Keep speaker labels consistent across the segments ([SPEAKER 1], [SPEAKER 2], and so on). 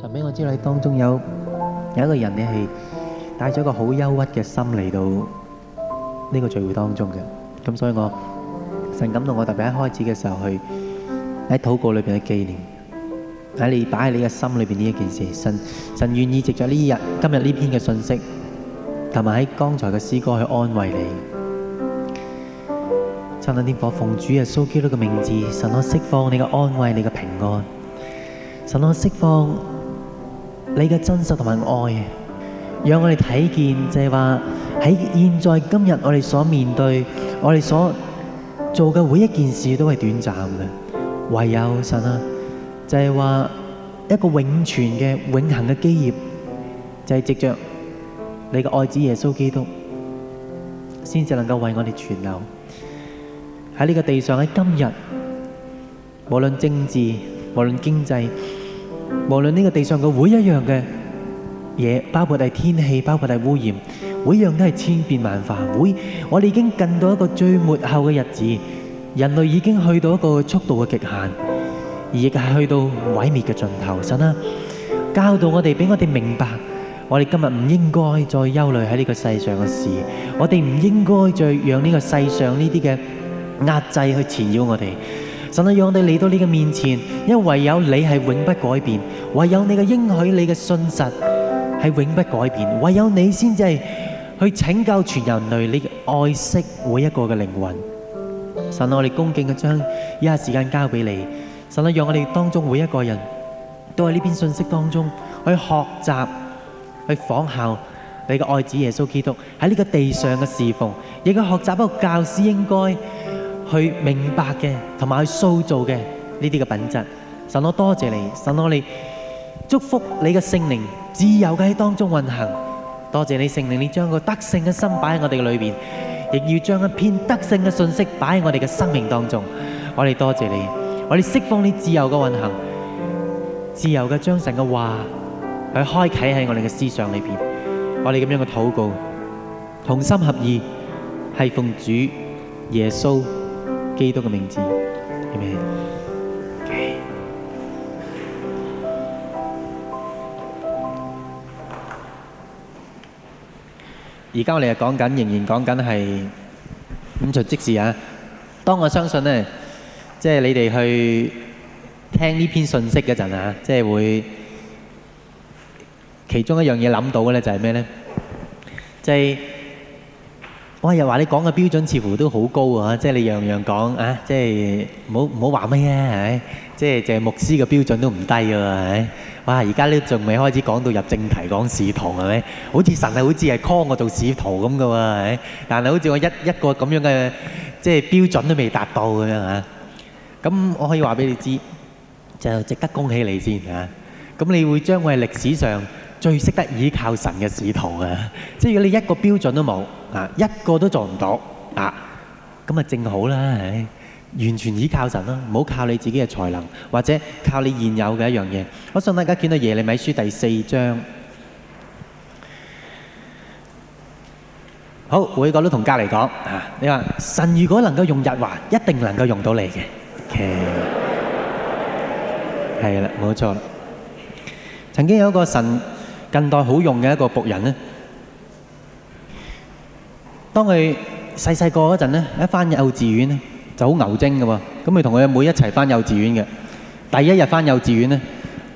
[SPEAKER 1] 神俾我知你當中有有一個人，你係帶咗個好憂鬱嘅心嚟到呢個聚會當中嘅，咁所以我神感動我特別喺開始嘅時候去喺禱告裏邊嘅紀念喺你擺喺你嘅心裏邊呢一件事，神神願意藉着呢日今日呢篇嘅信息同埋喺剛才嘅詩歌去安慰你，差唔多天父奉主耶穌基督嘅名字，神我釋放你嘅安慰，你嘅平安，神我釋放。你嘅真實同埋愛，讓我哋睇見，就係話喺現在今日我哋所面對，我哋所做嘅每一件事都係短暫嘅，唯有神啊，就係話一個永存嘅、永恆嘅基業，就係藉着你嘅愛子耶穌基督，先至能夠為我哋存留喺呢個地上。喺今日，無論政治，無論經濟，無論呢個地上嘅每一樣嘅嘢，包括係天氣，包括係污染，每一樣都係千變萬化。會，我哋已經近到一個最末後嘅日子，人類已經去到一個速度嘅極限，而亦係去到毀滅嘅盡頭。神啦、啊，教導我哋，俾我哋明白，我哋今日唔應該再憂慮喺呢個世上嘅事，我哋唔應該再讓呢個世上呢啲嘅壓制去纏繞我哋。神啊，讓我哋嚟到你嘅面前，因為唯有你係永不改變，唯有你嘅應許、你嘅信實係永不改變，唯有你先至係去拯救全人類，你嘅愛惜每一個嘅靈魂。神啊，我哋恭敬嘅將以下時間交俾你。神啊，讓我哋當中每一個人都喺呢篇信息當中去學習、去仿效你嘅愛子耶穌基督喺呢個地上嘅侍奉，亦去學習一個教師應該。去明白嘅，同埋去塑造嘅呢啲嘅品質，神我多謝你，神我哋你祝福你嘅聖靈自由嘅喺當中運行，多謝你聖靈，你將個得勝嘅心擺喺我哋嘅裏邊，亦要將一片得勝嘅信息擺喺我哋嘅生命當中，我哋多謝你，我哋釋放你自由嘅運行，自由嘅將神嘅話去開啟喺我哋嘅思想裏邊，我哋咁樣嘅禱告，同心合意，係奉主耶穌。基督嘅名字，而家，okay。我哋又講緊，仍然講緊係五旬職事啊！當我相信呢，即係你哋去聽呢篇信息嗰陣啊，即係會其中一樣嘢諗到嘅咧，就係咩咧？即係。哇！又話你講嘅標準似乎都好高啊，即係你樣樣講啊，即係唔好唔好話咩係？即係就牧師嘅標準都唔低㗎喎係？哇！而家呢仲未開始講到入正題講使徒係咪？好似神係好似係 call 我做使徒咁㗎喎係？但係好似我一一個咁樣嘅即係標準都未達到咁樣嚇。咁我可以話俾你知，就值得恭喜你先嚇。咁你會將會係歷史上最識得倚靠神嘅使徒啊！即係如果你一個標準都冇。啊！一個都做唔到啊！咁啊，正好啦，完全倚靠神咯，唔好靠你自己嘅才能，或者靠你現有嘅一樣嘢。我相信大家見到耶利米書第四章。好，每個都同隔離講啊！你話神如果能夠用日華，一定能夠用到你嘅。OK，係啦，冇錯。曾經有一個神近代好用嘅一個僕人咧。當佢細細個嗰陣咧，一翻幼稚園咧就好牛精嘅喎，咁佢同佢阿妹一齊翻幼稚園嘅。第一日翻幼稚園咧，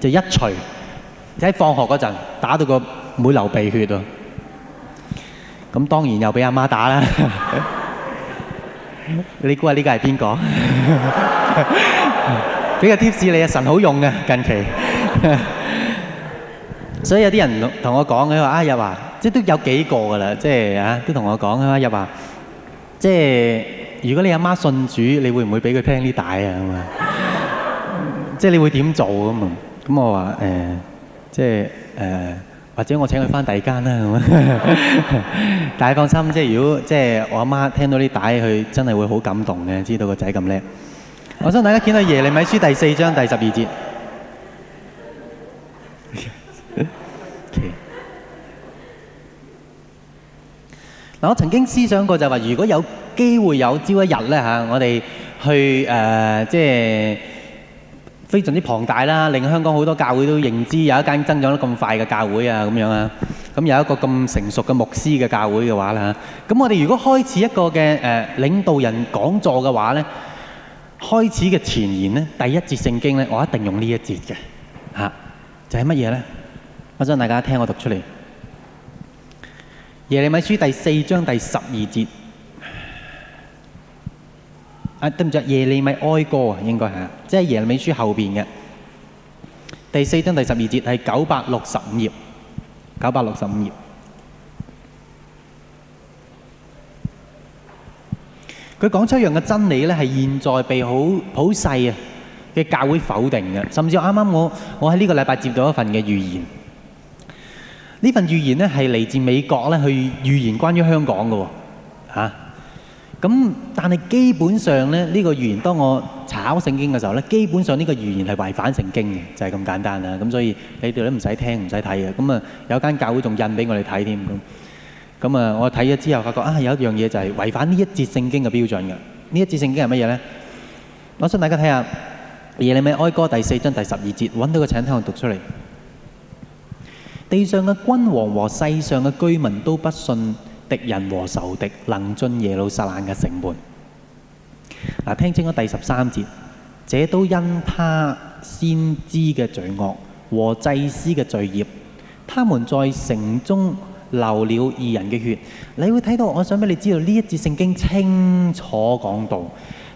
[SPEAKER 1] 就一捶，喺放學嗰陣打到個妹流鼻血喎。咁當然又俾阿媽打啦。你估下呢個係邊個？俾個 tips 你啊，神好用嘅近期。所以有啲人同我講佢話啊，日華。即係都有幾個㗎啦，即係啊，都同我講啊，又話即係如果你阿媽，媽信主，你會唔會俾佢聽啲帶啊？ 即係你會點做咁啊？咁我話誒、欸，即係誒、欸，或者我請佢翻第二間啦。咁樣大家放心，即係如果即係我阿媽，媽聽到啲帶，佢真係會好感動嘅，知道個仔咁叻。 我想大家見到耶利米書第四章第十二節。嗱，我曾經思想過就話，如果有機會有朝一日咧嚇，我哋去誒，即係非常之龐大啦，令香港好多教會都認知有一間增長得咁快嘅教會啊，咁樣啊，咁有一個咁成熟嘅牧師嘅教會嘅話啦嚇，咁我哋如果開始一個嘅誒領導人講座嘅話咧，開始嘅前言咧，第一節聖經咧，我一定用呢一節嘅嚇，就係乜嘢咧？我想大家聽我讀出嚟。耶利米書第四章第十二節，啊，對唔住耶利米哀歌，應該係，即係耶利米書後面嘅第四章第十二節是九百六十五頁，九百六十五頁。佢講出一樣嘅真理呢，是現在被好好細嘅教會否定的，甚至啱啱我剛剛我喺呢個禮拜接到一份嘅預言。呢份預言咧係嚟自美國咧去預言關於香港嘅喎，嚇咁但係基本上咧呢個預言，當我查考聖經嘅時候咧，基本上呢個預言係違反聖經嘅，就係咁簡單啦。咁所以你哋都唔使聽唔使睇嘅。咁啊有間教會仲印俾我哋睇添。咁咁啊我睇咗之後，發覺啊有一樣嘢就係違反呢一節聖經嘅標準嘅。呢一節聖經係乜嘢咧？我想大家睇下耶利米哀歌第四章第十二節，揾到，個請聽我讀出嚟。地上嘅君王和世上嘅居民都不信敵人和仇敵能進耶路撒冷嘅城門。嗱，聽清咗第十三節，這都因他先知嘅罪惡和祭司嘅罪孽，他們在城中流了二人嘅血。你會睇到，我想俾你知道呢一節聖經清楚講到。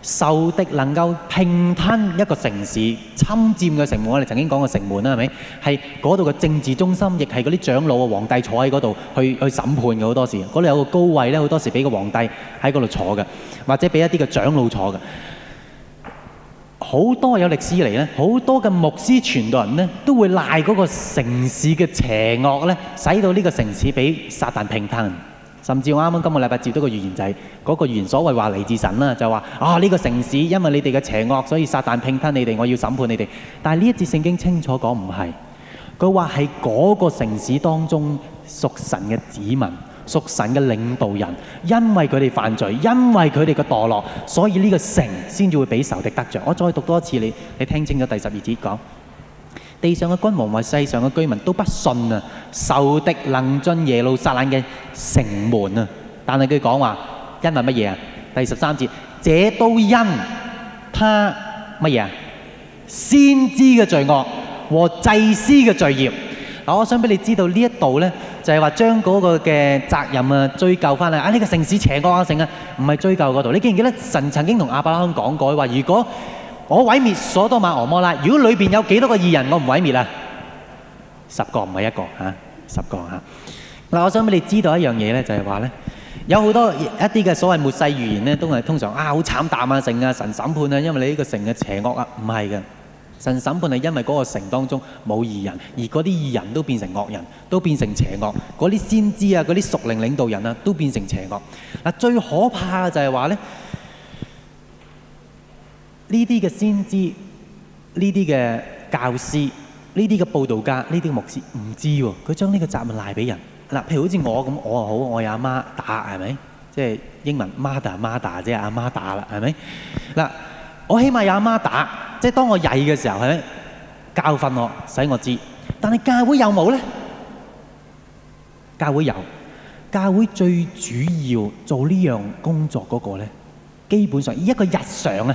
[SPEAKER 1] 受敵能夠平吞一個城市、侵佔嘅城門，我哋曾經講過城門啦，係咪？係嗰度嘅政治中心，亦係嗰啲長老啊、皇帝坐喺嗰度去去審判嘅。好多時嗰度有個高位咧，好多時俾個皇帝喺嗰度坐嘅，或者俾一啲嘅長老坐嘅。好多有歷史嚟咧，好多嘅牧師傳道人咧，都會賴嗰個城市嘅邪惡咧，使到呢個城市俾撒旦平吞。甚至我啱啱今個禮拜接到個預言仔，嗰、就是、個預言所謂話嚟自神啦，就話啊呢、這個城市因為你哋嘅邪惡，所以撒旦拼吞你哋，我要審判你哋。但係呢一節聖經清楚講唔係，佢話係嗰個城市當中屬神嘅子民、屬神嘅領導人，因為佢哋犯罪，因為佢哋嘅墮落，所以呢個城先至會俾仇敵得着。我再讀多一次你，你聽清咗第十二節講。地上嘅君王或世上嘅居民都不信啊，仇敵能進耶路撒冷嘅城門啊！但係佢講話，因為乜嘢啊？第十三節，這都因他乜嘢啊？先知嘅罪惡和祭司嘅罪孽。嗱，我想俾你知道呢一度咧，就係話將嗰個嘅責任啊追究翻嚟啊！呢、這個城市邪惡性啊，唔係追究嗰度。你記唔記得神曾經同亞伯拉罕講過，話如果？我毀滅所多瑪俄摩拉。如果裏邊有幾多個義人，我唔毀滅啊？十個唔係一個嚇，十個嚇。嗱，我想俾你知道一樣嘢咧，就係話咧，有好多一啲嘅所謂末世預言咧，都係通常啊好慘淡啊城啊神審判啊，因為你呢個城嘅邪惡啊，唔係嘅。神審判係因為嗰個城當中冇義人，而嗰啲義人都變成惡人，都變成邪惡。嗰啲先知啊，嗰啲屬靈領導人啊，都變成邪惡。嗱、啊，最可怕嘅就係話咧。呢啲嘅先知，呢啲嘅教師，呢啲嘅佈道家，呢啲嘅牧師唔知喎，佢將呢個責任賴俾人。嗱，譬如好似我咁，我好，我有阿媽打係咪？即係英文 mother，mother 啫，阿媽打啦係咪？嗱，我起碼有阿媽打，即係當我曳嘅時候係咪教訓我，使我知？但係教會有冇咧？教會有，教會最主要做呢樣工作嗰個咧，基本上依一個日常啊。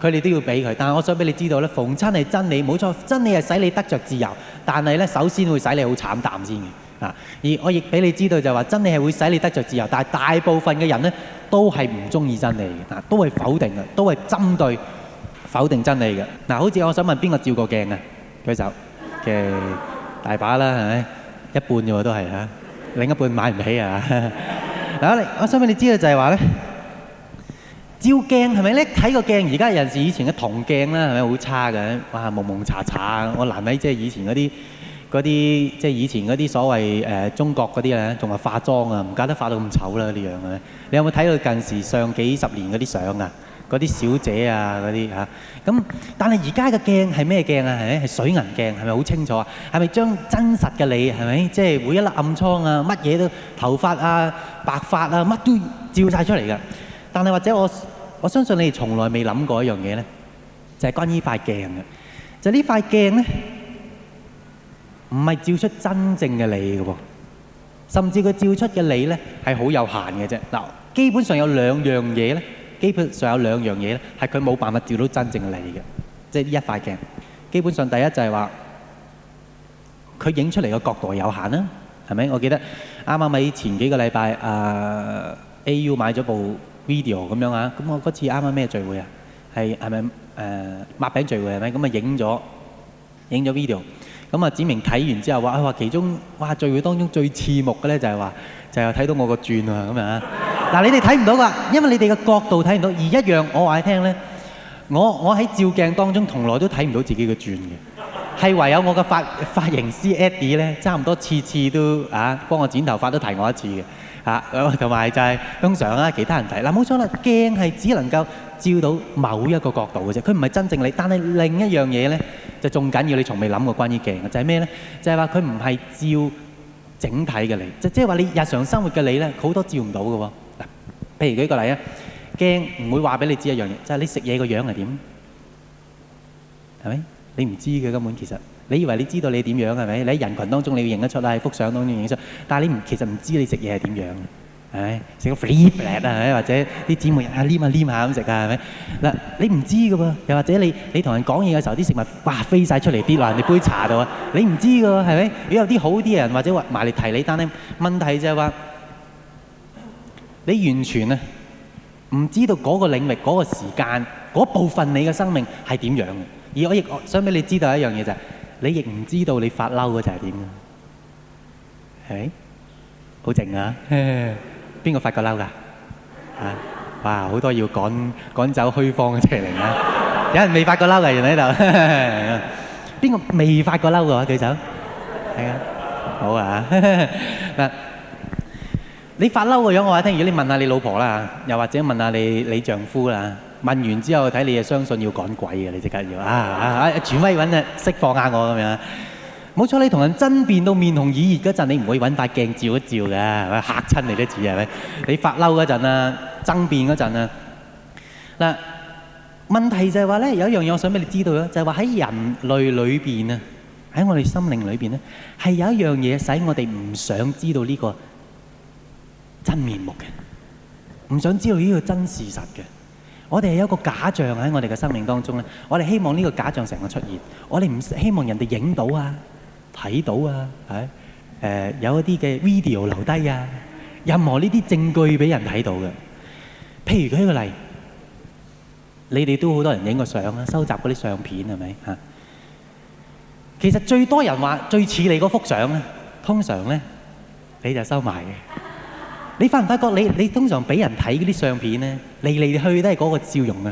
[SPEAKER 1] 佢哋都要俾佢，但係我想俾你知道咧，逢親係真理，冇錯，真理係使你得着自由，但係咧，首先會使你好慘淡先嘅啊。而我亦俾你知道就係話，真理係會使你得着自由，但係大部分嘅人咧都係唔中意真理嘅，嗱、啊，都係否定嘅，都係針對否定真理嘅。嗱、啊，好似我想問邊個照過鏡啊？舉手嘅大把啦，係咪一半咋喎都係啊？另一半買唔起啊？嗱、啊，我我想俾你知道就係話咧。照鏡係咪咧？睇個鏡，而家人士以前嘅銅鏡啦，係咪好差嘅？哇，蒙蒙查查我難為即係以前嗰啲嗰啲，即係、就是、以前嗰啲所謂誒、呃、中國嗰啲咧，仲係化妝啊，唔怪得化到咁醜啦呢樣嘅。你有冇睇到近時上幾十年嗰啲相啊？嗰啲小姐啊，嗰啲嚇咁。但係而家嘅鏡係咩鏡啊？係咪係水銀鏡？係咪好清楚啊？係咪將真實嘅你係咪即係每一粒暗瘡啊？乜嘢都頭髮啊、白髮啊，乜都照晒出嚟嘅？但係或者我我相信你哋從來未諗過一樣嘢咧，就係、是、關於呢塊鏡嘅。就呢、是、塊鏡咧，唔係照出真正嘅你嘅喎，甚至佢照出嘅你咧係好有限嘅啫。嗱，基本上有兩樣嘢咧，基本上有兩樣嘢咧，係佢冇辦法照到真正嘅你嘅，即係呢一塊鏡。基本上第一就係話，佢影出嚟嘅角度係有限啦，係咪？我記得啱啱喺前幾個禮拜，啊、呃、AU 買咗部。video 咁樣啊，咁我嗰次啱啱咩聚會啊？係係咪誒抹餅聚會係咪？咁啊影咗影咗 video，咁啊指明睇完之後話：佢話其中哇聚會當中最刺目嘅咧就係話，就係、是、睇到我個轉啊咁啊！嗱、啊 啊，你哋睇唔到㗎，因為你哋嘅角度睇唔到。而一樣我話你聽咧，我呢我喺照鏡當中，從來都睇唔到自己嘅轉嘅，係唯有我嘅髮髮，髮型師 Eddie 咧，差唔多次次都啊幫我剪頭髮都提我一次嘅。啊，同埋就係通常啦，其他人睇嗱，冇錯啦，鏡係只能夠照到某一個角度嘅啫，佢唔係真正你。但係另一樣嘢咧就仲緊要，你從未諗過關於鏡嘅就係咩咧？就係話佢唔係照整體嘅你，就即係話你日常生活嘅你咧，佢好多照唔到嘅喎。嗱，譬如舉個例啊，鏡唔會話俾你知一樣嘢，就係你食嘢個樣係點，係咪？你唔知嘅根本其實。你以為你知道你點樣係咪？你喺人群當中你要認得出啦，喺幅相當中認出。但係你唔其實唔知道你食嘢係點樣嘅，係咪食個 free bread 啊？或者啲紫梅啊，黏啊黏下咁食啊？係咪嗱？你唔知嘅喎。又或者你你同人講嘢嘅時候，啲食物哇飛晒出嚟跌落你杯茶度啊！你唔知嘅喎係咪？如果有啲好啲人或者話埋嚟提你單咧，問題就係話你完全啊唔知道嗰個領域、嗰、嗰個時間、嗰部分你嘅生命係點樣。而我亦想俾你知道一樣嘢就係、是。你亦唔知道你發嬲嘅就係點嘅，係咪？好靜啊，邊個發過嬲㗎？啊，哇，好多要趕趕走虛方嘅情形啊，有人未發過嬲嘅人喺度，邊個未發過嬲嘅話舉手？係啊，好啊，嗱，你發嬲嘅樣我話聽，如果你問下你老婆啦，又或者問下你你丈夫啦。問完之後睇你係相信要趕鬼嘅，你即刻要啊啊！權、啊啊、威揾啊釋放下我咁樣，冇錯，你同人爭辯到面紅耳熱嗰陣，你唔會揾塊鏡照一照嘅，嚇親你都知係咪？你發嬲嗰陣啊，爭辯嗰陣啊，嗱問題就係話咧，有一樣嘢我想俾你知道咯，就係話喺人類裏邊啊，喺我哋心靈裏邊咧，係有一樣嘢使我哋唔想知道呢個真面目嘅，唔想知道呢個真事實嘅。我哋係一個假象喺我哋嘅生命當中咧，我哋希望呢個假象成日出現，我哋唔希望人哋影到啊、睇到啊，係誒有一啲嘅 video 留低啊，任何呢啲證據俾人睇到嘅。譬如舉一個例，你哋都好多人影過相啦，收集嗰啲相片係咪嚇？其實最多人話最似你嗰幅相咧，通常咧你就收埋嘅。你發唔發覺你？你你通常俾人睇嗰啲相片咧，嚟嚟去都係嗰個笑容啊，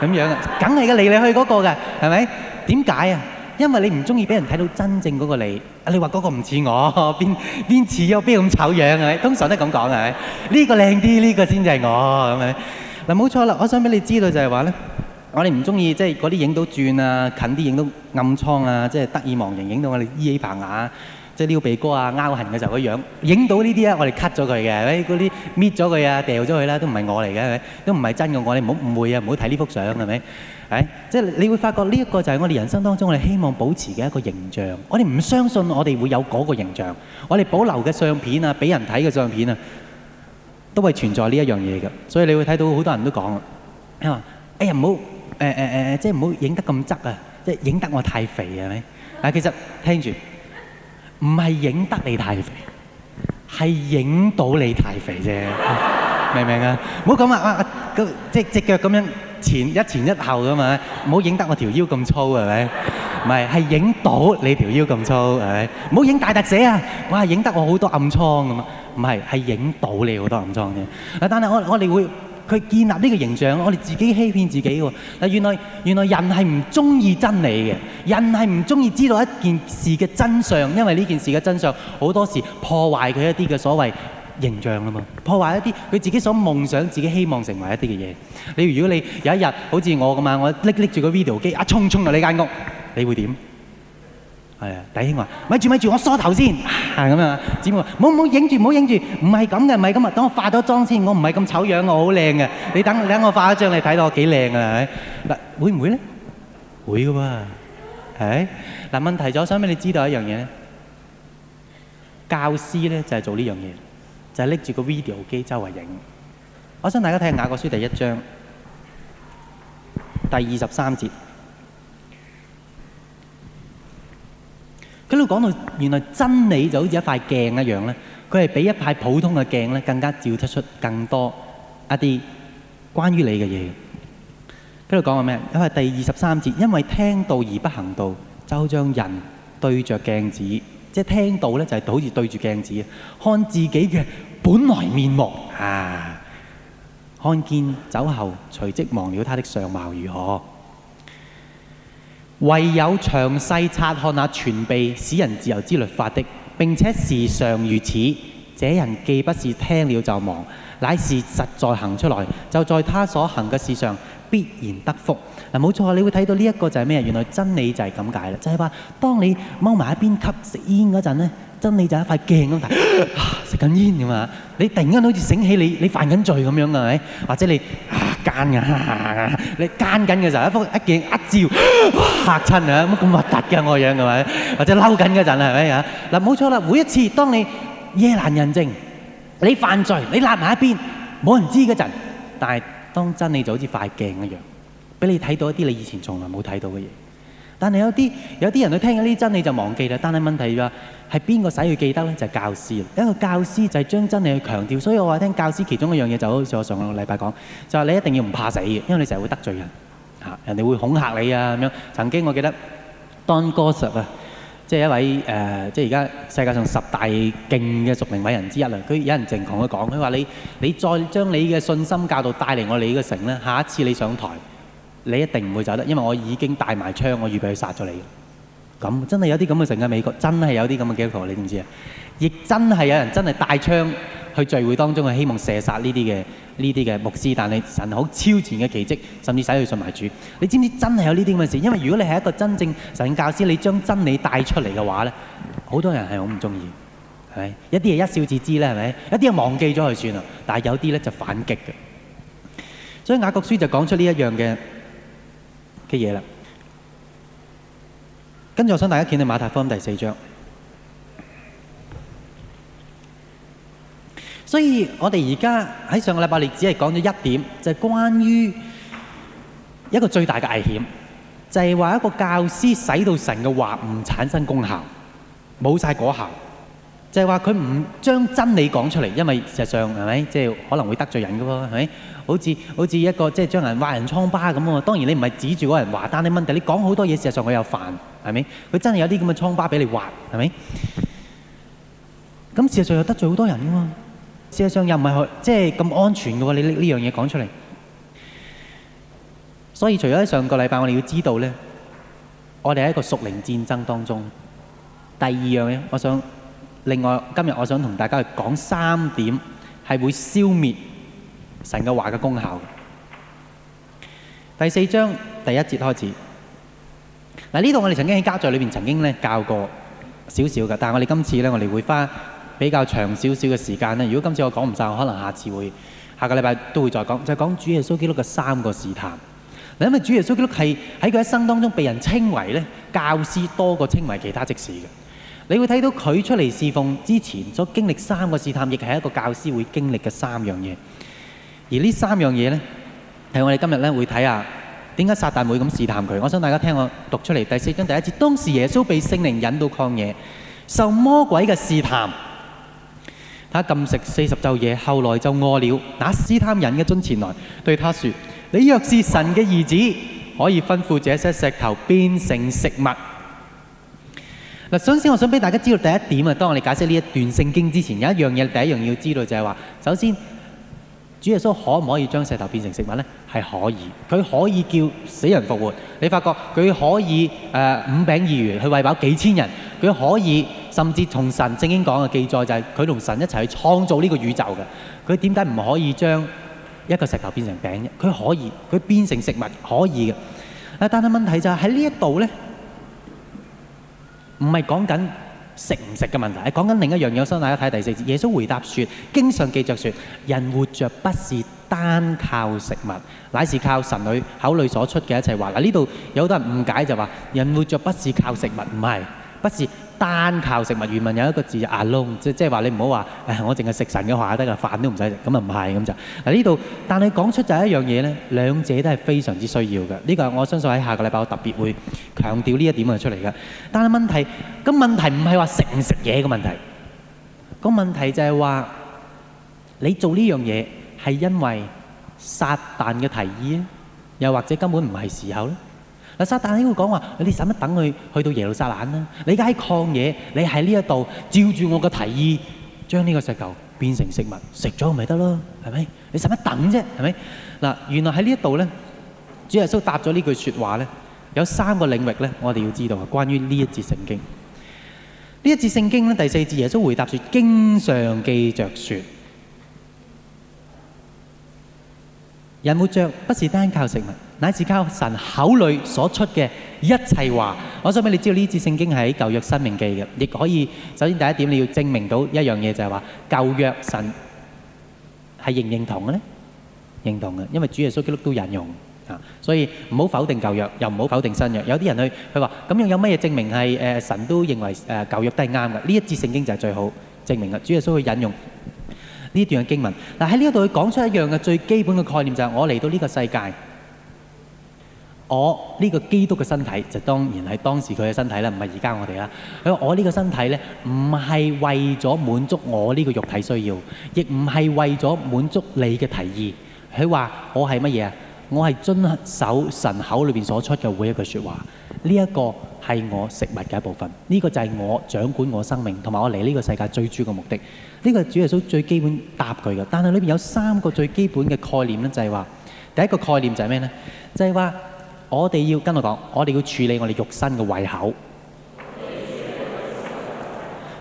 [SPEAKER 1] 咁樣啊，梗係嘅嚟嚟去嗰個㗎，係咪？點解啊？因為你唔中意俾人睇到真正嗰個你。啊，你話嗰個唔似我，邊邊似有邊咁醜樣啊？通常都咁講係。呢個靚啲，呢個先至係我係咪？嗱，冇錯啦。我想俾你知道就係話咧，我哋唔中意即係嗰啲影到轉啊，近啲影到暗瘡啊，即係得意忘形影到我哋依起棚牙。即係撩鼻哥啊、拗痕嘅時候嘅樣，影到呢啲啊，我哋 cut 咗佢嘅，誒嗰啲搣咗佢啊、掉咗佢啦，都唔係我嚟嘅，係咪？都唔係真嘅我，你唔好誤會啊，唔好睇呢幅相係咪？係，即係你會發覺呢一個就係我哋人生當中我哋希望保持嘅一個形象，我哋唔相信我哋會有嗰個形象，我哋保留嘅相片啊，俾人睇嘅相片啊，都係存在呢一樣嘢嘅，所以你會睇到好多人都講啊，哎呀唔好誒誒誒，即係唔好影得咁側啊，即係影得我太肥係咪？但係其實聽住。唔係影得你太肥，係影到你太肥啫，明唔明啊？唔好咁啊！啊啊，即係隻腳咁樣前一前一後㗎嘛，唔好影得我條腰咁粗係咪？唔係係影到你條腰咁粗係咪？唔好影大特寫啊！哇，影得我好多暗瘡咁啊！唔係係影到你好多暗瘡啫。啊，但係我我哋會。佢建立呢個形象，我哋自己欺騙自己喎。原來原來人係唔鍾意真理嘅，人係唔鍾意知道一件事嘅真相，因為呢件事嘅真相好多時破壞佢一啲嘅所謂形象吖嘛，破壞一啲佢自己所夢想、自己希望成為一啲嘅嘢。例如，如果你有一日好似我咁啊，我拎拎住個 video 機，一衝衝入你間屋，你會點？係啊，弟兄話：咪住咪住，我梳頭先。係咁啊，姊妹話：冇冇影住，冇影住，唔係咁嘅，唔係咁啊，等我化咗妝先，我唔係咁醜樣，我好靚嘅。你等你等我化咗妝你睇到我幾靚啊！嗱，會唔會咧？會㗎噃，係嗱。問題咗，想俾你知道一樣嘢，教師咧就係做呢樣嘢，就係拎住個 video 機周圍影。我想大家睇下《雅各書》第一章第二十三節。跟住講到原來真理就好似一塊鏡一樣咧，佢係比一塊普通嘅鏡咧更加照得出更多一啲關於你嘅嘢。咁佢講話咩？因為第二十三節，因為聽到而不行道，就好像人對着鏡子，即係聽到就係好似對住鏡子看自己嘅本來面目啊！看見，走後，隨即忘了他的相貌如何。唯有詳細察看那全備使人自由之律法的，並且時常如此，這人既不是聽了就忘，乃是實在行出來，就在他所行嘅事上必然得福。啊，沒冇錯，你會睇到呢一個就係咩？原來真理就係咁解啦，就係話，當你踎埋一邊吸食煙嗰陣候真理就一塊鏡咁大，食緊煙咁嘛！你突然間好似醒起你你犯緊罪咁樣係咪？或者你奸啊，你奸緊嘅時候一幅一鏡一照嚇親啊！乜咁核突嘅我樣係咪？或者嬲緊嗰陣係咪啊？嗱冇錯啦，每一次當你夜闌人靜，你犯罪你匿埋一邊冇人知嗰陣，但係當真理就好似塊鏡一樣，俾你睇到一啲你以前從來冇睇到嘅嘢。但係有啲有啲人佢聽緊呢啲真理你就忘記啦。但係問題就係。係邊個使佢記得呢？就係教師，因為教師就係將真理去強調，所以我話聽教師其中一樣嘢就好似我上個禮拜講，就話你一定要唔怕死嘅，因為你成日會得罪人，嚇人哋會恐嚇你啊咁樣。曾經我記得 Don Gossett 啊，即係一位誒，即係而家世界上十大勁嘅屬靈偉人之一啦。佢有人淨同佢講，佢話你你再將你嘅信心教導帶嚟我哋呢個城呢，下一次你上台，你一定唔會走得，因為我已經帶埋槍，我預備去殺咗你嘅。咁真係有啲咁嘅神喺美國，真係有啲咁嘅基督徒，你知唔知啊？亦真係有人真係帶槍去聚會當中啊，希望射殺呢啲嘅呢啲嘅牧師。但係神好超前嘅奇蹟，甚至使佢信埋主。你知唔知真係有呢啲咁嘅事？因為如果你係一個真正神教師，你將真理帶出嚟嘅話咧，好多人係好唔中意，係咪？一啲嘢一笑置之咧，係咪？一啲嘢忘記咗佢算啦，但係有啲咧就反擊嘅。所以雅各書就講出呢一樣嘅嘅嘢啦。跟住我想大家睇睇馬太福音第四章，所以我哋而家喺上個禮拜，我只係講咗一點，就係關於一個最大嘅危險，就係話一個教師使到神嘅話唔產生功效，冇曬果效。就係話佢唔將真理講出嚟，因為事實上係咪？即係、就是、可能會得罪人嘅喎，係咪？好似好似一個即係將人挖人瘡疤咁喎。當然你唔係指住嗰人話，單啲你問題你講好多嘢。事實上佢又煩，係咪？佢真係有啲咁嘅瘡疤俾你挖，係咪？咁事實上又得罪好多人嘅嘛。事實上又唔係即係咁安全嘅喎。你呢呢樣嘢講出嚟，所以除咗喺上個禮拜，我哋要知道咧，我哋喺一個屬靈戰爭當中。第二樣嘢，我想。另外，今日我想同大家去講三點，係會消滅神嘅話嘅功效。第四章第一節開始。嗱，呢度我哋曾經喺家在裏面曾經咧教過少少嘅，但係我哋今次咧，我哋會花比較長少少嘅時間咧。如果今次我講唔晒，我可能下次會下個禮拜都會再講，就係講主耶穌基督嘅三個試探。嗱，因為主耶穌基督係喺佢一生當中被人稱為咧教師多過稱為其他職事嘅。你會睇到佢出嚟侍奉之前，所經歷三個試探，亦係一個教師會經歷嘅三樣嘢。而呢三樣嘢咧，係我哋今日咧會睇啊。點解撒旦會咁試探佢？我想大家聽我讀出嚟。第四章第一節，當時耶穌被聖靈引到曠野，受魔鬼的試探。他禁食四十晝夜，後來就餓了。那試探人的尊前來對他說：你若是神的兒子，可以吩咐這些石頭變成食物。嗱，首先我想俾大家知道第一點啊，當我哋解釋呢一段聖經之前，有一樣嘢，第一樣要知道就係話，首先，主耶穌可唔可以將石頭變成食物呢？係可以，佢可以叫死人復活。你發覺佢可以誒、呃、五餅二魚去餵飽幾千人，佢可以，甚至從神正經講嘅記載就係佢同神一齊去創造呢個宇宙嘅。佢點解唔可以將一個石頭變成餅？佢可以，佢變成食物可以嘅。但係問題就喺呢一度呢。唔係講緊食唔食嘅問題，係講緊另一樣嘢。我希望大家睇第四節。耶穌回答說：經上記着說，人活着不是單靠食物，乃是靠神女口裏所出嘅一切話。嗱，呢度有好多人誤解就話人活着不是靠食物，唔係，不是。單靠食物原文有一個字就 alone，即即係話你唔好話，誒我淨係食神嘅話得㗎，飯都唔使食，咁啊唔係咁就嗱呢度，但係講出就係一樣嘢咧，兩者都係非常之需要嘅，呢個係我相信喺下個禮拜我特別會強調呢一點嘅出嚟嘅，但係問題，個問題唔係話食唔食嘢嘅問題，個問題就係話你做呢樣嘢係因為撒旦嘅提議咧，又或者根本唔係時候咧。嗱，撒但呢個講話，你使乜等佢去到耶路撒冷呢？你而家喺曠野，你喺呢一度照住我個提議，將呢個石球變成食物，食咗咪得咯？係咪？你使乜等啫？係咪？嗱，原來喺呢一度咧，主耶穌答咗呢句說話咧，有三個領域咧，我哋要知道啊。關於呢一節聖經，呢一節聖經咧，第四節耶穌回答説：經上記著說，人活着不是單靠食物。乃至靠神口裡所出嘅一切話，我想俾你知道呢節聖經係喺舊約申命記嘅，亦可以首先第一點你要證明到一樣嘢就係話舊約神係認唔認同嘅咧？認同嘅，因為主耶穌基督都引用啊，所以唔好否定舊約，又唔好否定新約。有啲人去佢話咁樣有乜嘢證明係誒神都認為誒舊約都係啱嘅？呢一節聖經就係最好證明啦。主耶穌去引用呢段嘅經文，嗱喺呢一度佢講出一樣嘅最基本嘅概念就係我嚟到呢個世界。我呢個基督嘅身體就當然係當時佢嘅身體啦，唔係而家我哋啦。佢話：我呢個身體呢，唔係為咗滿足我呢個肉體需要，亦唔係為咗滿足你嘅提議。佢話：我係乜嘢啊？我係遵守神口裏邊所出嘅每一句説話。呢一個係我食物嘅一部分。呢個就係我掌管我生命同埋我嚟呢個世界最主要嘅目的。呢個係主耶穌最基本答佢嘅，但係裏邊有三個最基本嘅概念呢，就係話第一個概念就係咩呢？就係話。我哋要跟佢講，我哋要處理我哋肉身嘅胃口。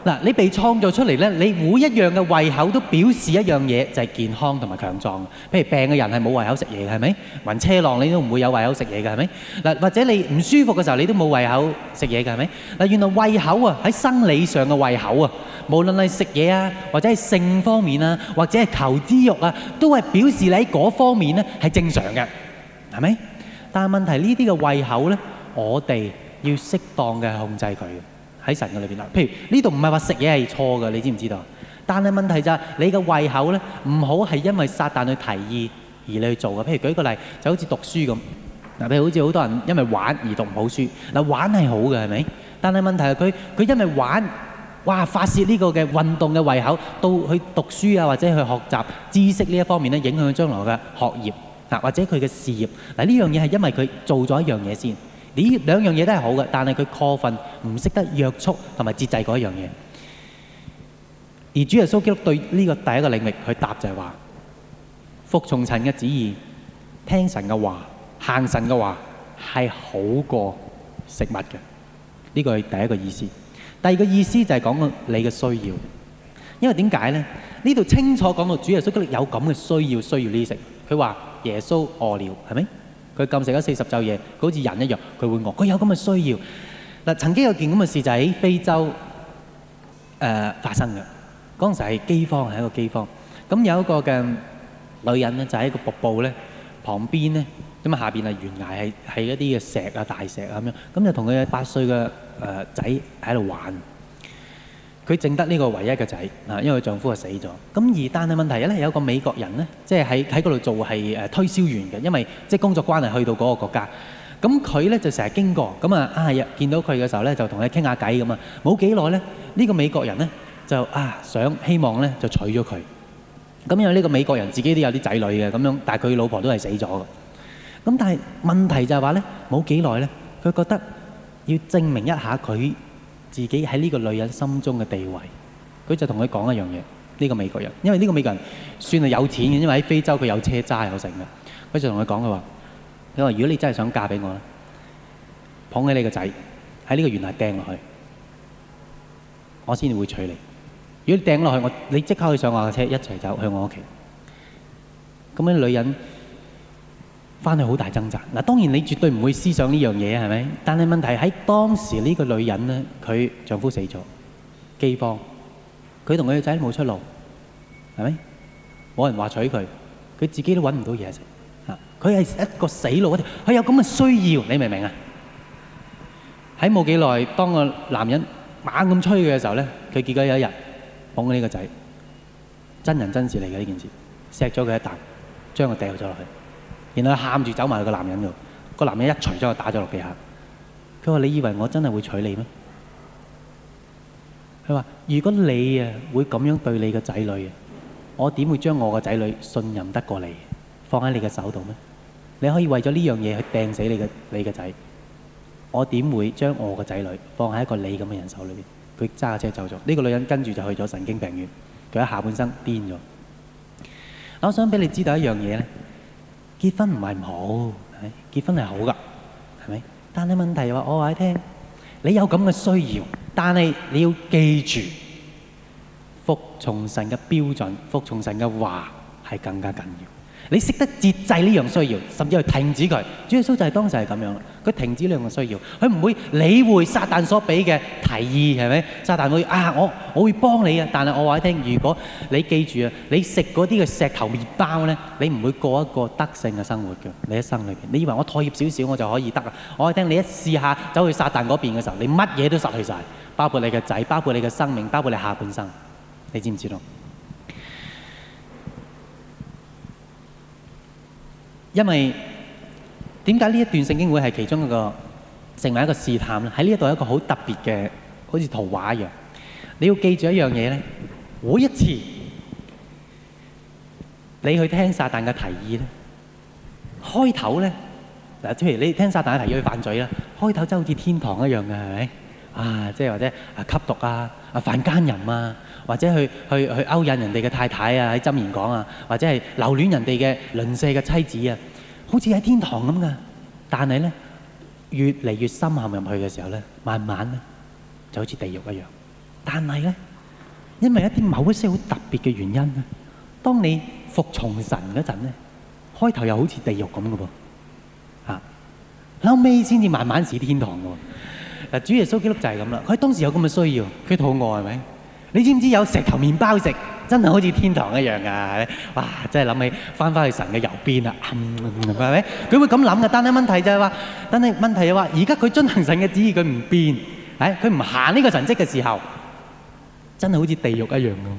[SPEAKER 1] 嗱，你被創造出嚟咧，你每一樣嘅胃口都表示一樣嘢，就係健康同埋強壯。譬如病嘅人係冇胃口食嘢嘅，係咪？暈車浪你都唔會有胃口食嘢嘅，係咪？嗱，或者你唔舒服嘅時候，你都冇胃口食嘢嘅，係咪？嗱，原來胃口啊，喺生理上嘅胃口啊，無論係食嘢啊，或者係性方面啊，或者係求知欲啊，都係表示你喺嗰方面呢係正常嘅，係咪？但係問題呢啲嘅胃口咧，我哋要適當嘅控制佢喺神嘅裏邊面啦。譬如呢度唔係話食嘢係錯嘅，你知唔知道？但係問題就係你嘅胃口咧，唔好係因為撒但去提議而你去做嘅。譬如舉個例，就好似讀書咁，嗱，你好似好多人因為玩而讀唔好書嗱，玩係好嘅，係咪？但係問題係佢佢因為玩哇發泄呢個嘅運動嘅胃口到去讀書啊，或者去學習知識呢一方面咧，影響佢將來嘅學業。或者佢嘅事業，嗱呢樣嘢係因為佢做咗一樣嘢先。呢兩樣嘢都係好嘅，但係佢過分唔識得約束同埋節制嗰一樣嘢。而主耶穌基督對呢個第一個領域去答就係話：服從神嘅旨意，聽神嘅話，行神嘅話係好過食物嘅。呢個係第一個意思。第二個意思就係講你嘅需要。因為點解呢？呢度清楚講到主耶穌基督有咁嘅需要，需要呢食物。佢話耶穌餓了，係咪？佢禁食咗四十晝夜，佢好似人一樣，佢會餓，佢有咁嘅需要嗱。曾經有件咁嘅事就喺非洲誒、呃、發生嘅嗰陣時係饑荒，係一個饑荒。咁有一個嘅女人咧，就喺、是、個瀑布咧旁邊咧，咁啊下邊係懸崖，係係一啲嘅石啊、大石啊咁樣，咁就同佢八歲嘅誒仔喺度玩。佢淨得呢個唯一嘅仔，啊，因為佢丈夫就死咗。咁而但係問題咧，有個美國人咧，即係喺喺嗰度做係誒推銷員嘅，因為即係工作關係去到嗰個國家。咁佢咧就成日經過，咁啊啊日見到佢嘅時候咧，就同佢傾下偈咁啊。冇幾耐咧，呢個美國人咧就啊想希望咧就娶咗佢。咁因為呢個美國人自己都有啲仔女嘅，咁樣，但係佢老婆都係死咗。咁但係問題就係話咧，冇幾耐咧，佢覺得要證明一下佢。自己喺呢個女人心中嘅地位，佢就同佢講一樣嘢。呢個美國人，因為呢個美國人算係有錢嘅，因為喺非洲佢有車揸有剩嘅。佢就同佢講：佢話，佢話如果你真係想嫁俾我咧，捧起你個仔喺呢個懸崖掟落去，我先至會娶你。如果你掟落去我，你即刻去上我架車一齊走去我屋企。咁啲女人。翻去好大掙扎嗱，當然你絕對唔會思想呢樣嘢啊，係咪？但係問題喺當時呢個女人咧，佢丈夫死咗，饑荒，佢同佢個仔冇出路，係咪？冇人話娶佢，佢自己都揾唔到嘢食，嚇！佢係一個死路。佢有咁嘅需要，你明唔明啊？喺冇幾耐，當個男人猛咁吹佢嘅時候咧，佢結果有一日，捧佢呢個仔，真人真事嚟嘅呢件事，錫咗佢一啖，將佢掉咗落去。然後喊住走埋去個男人度，個男人一錘將佢打咗落地下。佢話：你以為我真係會娶你咩？佢話：如果你啊會咁樣對你個仔女，我點會將我個仔女信任得過你，放喺你嘅手度咩？你可以為咗呢樣嘢去掟死你嘅你嘅仔，我點會將我個仔女放喺一個你咁嘅人手裏面？」佢揸架車走咗，呢個女人跟住就去咗神經病院，佢喺下半生癲咗。我想俾你知道一樣嘢咧。結婚唔係唔好，結婚係好㗎，係咪？但係問題係話我話你聽，你有咁嘅需要，但係你要記住，服從神嘅標準，服從神嘅話，係更加緊要。你識得節制呢樣需要，甚至去停止佢。主耶穌就係當時係咁樣啦，佢停止呢樣嘅需要，佢唔會理會撒旦所俾嘅提議，係咪？撒旦會，會啊，我我會幫你啊，但係我話你聽，如果你記住啊，你食嗰啲嘅石頭麵包咧，你唔會過一個得勝嘅生活嘅，你一生裏邊。你以為我妥協少少我就可以得啊？我話你聽，你一試一下走去撒旦嗰邊嘅時候，你乜嘢都失去晒，包括你嘅仔，包括你嘅生命，包括你嘅下半生，你知唔知道？因為點解呢一段聖經會係其中一個成為一個試探咧？喺呢一度有一個好特別嘅，好似圖畫一樣。你要記住一樣嘢咧，每一次你去聽撒旦嘅提議咧，開頭咧嗱，譬如你聽撒旦嘅提議去犯罪啦，開頭真係好似天堂一樣嘅，係咪啊？即係或者啊吸毒啊、啊犯奸淫啊。或者去去去勾引人哋嘅太太啊，喺箴言講啊，或者係留戀人哋嘅鄰舍嘅妻子啊，好似喺天堂咁嘅。但係咧，越嚟越深陷入去嘅時候咧，慢慢咧，就好似地獄一樣。但係咧，因為一啲某一些好特別嘅原因咧，當你服從神嗰陣咧，開頭又好似地獄咁嘅噃，嚇，後尾先至慢慢似天堂嘅喎。嗱，主耶穌記錄就係咁啦。佢當時有咁嘅需要，佢肚餓係咪？你知唔知有石頭麵包食？真係好似天堂一樣噶、啊！哇，真係諗起翻返去神嘅右邊啦，係、嗯、咪？佢、嗯嗯、會咁諗嘅。但係問題就係、是、話，但係問題就係話，而家佢遵行神嘅旨意，佢唔變，唉、哎，佢唔行呢個神跡嘅時候，真係好似地獄一樣嘅、啊。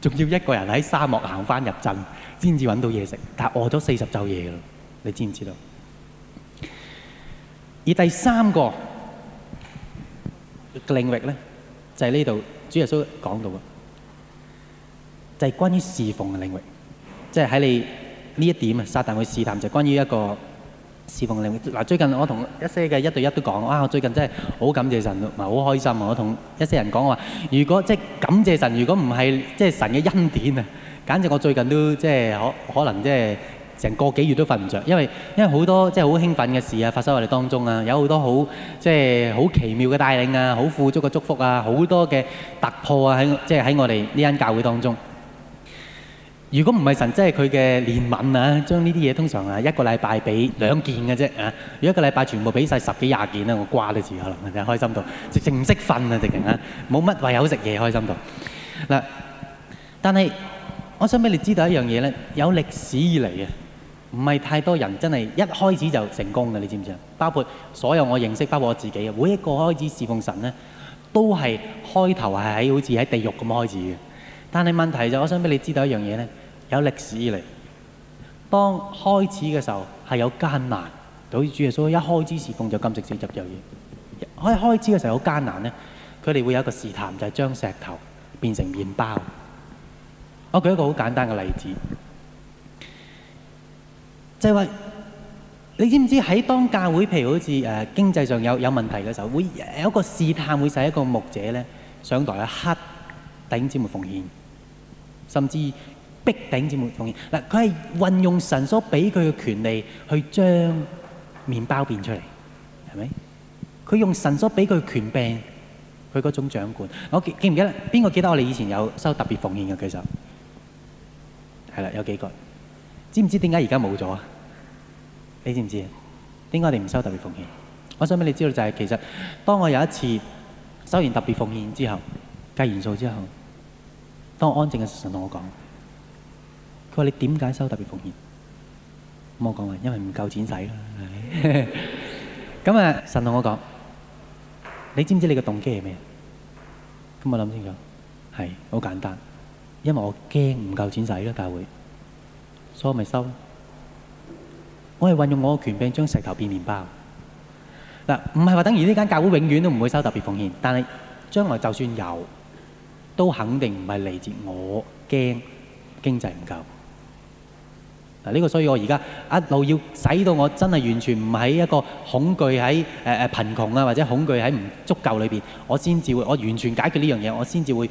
[SPEAKER 1] 仲要一個人喺沙漠行翻入陣，先至揾到嘢食，但係餓咗四十晝夜嘅。你知唔知道？而第三個嘅領域咧，就喺呢度。主耶穌講到嘅，就係關於侍奉嘅領域，即係喺你呢一點啊，撒旦去試探就係關於一個侍奉嘅領域。嗱，最近我同一些嘅一對一都講，哇！我最近真係好感謝神，同埋好開心。我同一些人講話，如果即係感謝神，如果唔係即係神嘅恩典啊，簡直我最近都即係可可能即係。成個幾月都瞓唔著，因為因為好多即係好興奮嘅事啊發生喺我哋當中啊，有好多好即係好奇妙嘅帶領啊，好富足嘅祝福啊，好多嘅突破啊，喺即係喺我哋呢間教會當中。如果唔係神，即係佢嘅憐憫啊，將呢啲嘢通常啊一個禮拜俾兩件嘅啫啊，如果一個禮拜全部俾曬十幾廿件啊，我掛得住可能就開心到，直情唔識瞓啊直情啊，冇乜話有食嘢開心到。嗱，但係我想俾你知道一樣嘢咧，有歷史以嚟嘅。唔係太多人真係一開始就成功嘅，你知唔知啊？包括所有我認識，包括我自己啊！每一個開始侍奉神呢，都係開頭係喺好似喺地獄咁開始嘅。但係問題就是、我想俾你知道一樣嘢呢，有歷史以嚟。當開始嘅時候係有艱難，就好似主耶穌一開始侍奉就禁食子入又嘢。開開始嘅時候好艱難呢，佢哋會有一個試探，就係、是、將石頭變成麵包。我舉一個好簡單嘅例子。就係話，你知唔知喺當教會，譬如好似誒、啊、經濟上有有問題嘅時候，會有一個試探，會使一個牧者咧上台去乞頂尖嘅奉獻，甚至逼頂尖嘅奉獻。嗱、啊，佢係運用神所俾佢嘅權利去將麵包變出嚟，係咪？佢用神所俾佢權柄，佢嗰種掌管。我記，記唔記得邊個記得我哋以前有收特別奉獻嘅其實，係啦，有幾個。你知唔知點解而家冇咗啊？你知唔知道？點解我哋唔收特別奉獻？我想俾你知道就係，其實當我有一次收完特別奉獻之後，計完數之後，當我安靜嘅時候，神同我講，佢話你點解收特別奉獻？咁我講話因為唔夠錢使啦。咁啊， 神同我講，你知唔知道你嘅動機係咩？咁我諗清楚，係好簡單，因為我驚唔夠錢使咯，教會。所以我咪收，我係運用我嘅權柄將石頭變麵包。嗱，唔係話等於呢間教會永遠都唔會收特別奉獻，但係將來就算有，都肯定唔係嚟自我驚經濟唔夠。嗱，呢個所以我而家一路要使到我真係完全唔喺一個恐懼喺誒誒貧窮啊，或者恐懼喺唔足夠裏邊，我先至會，我完全解決呢樣嘢，我先至會。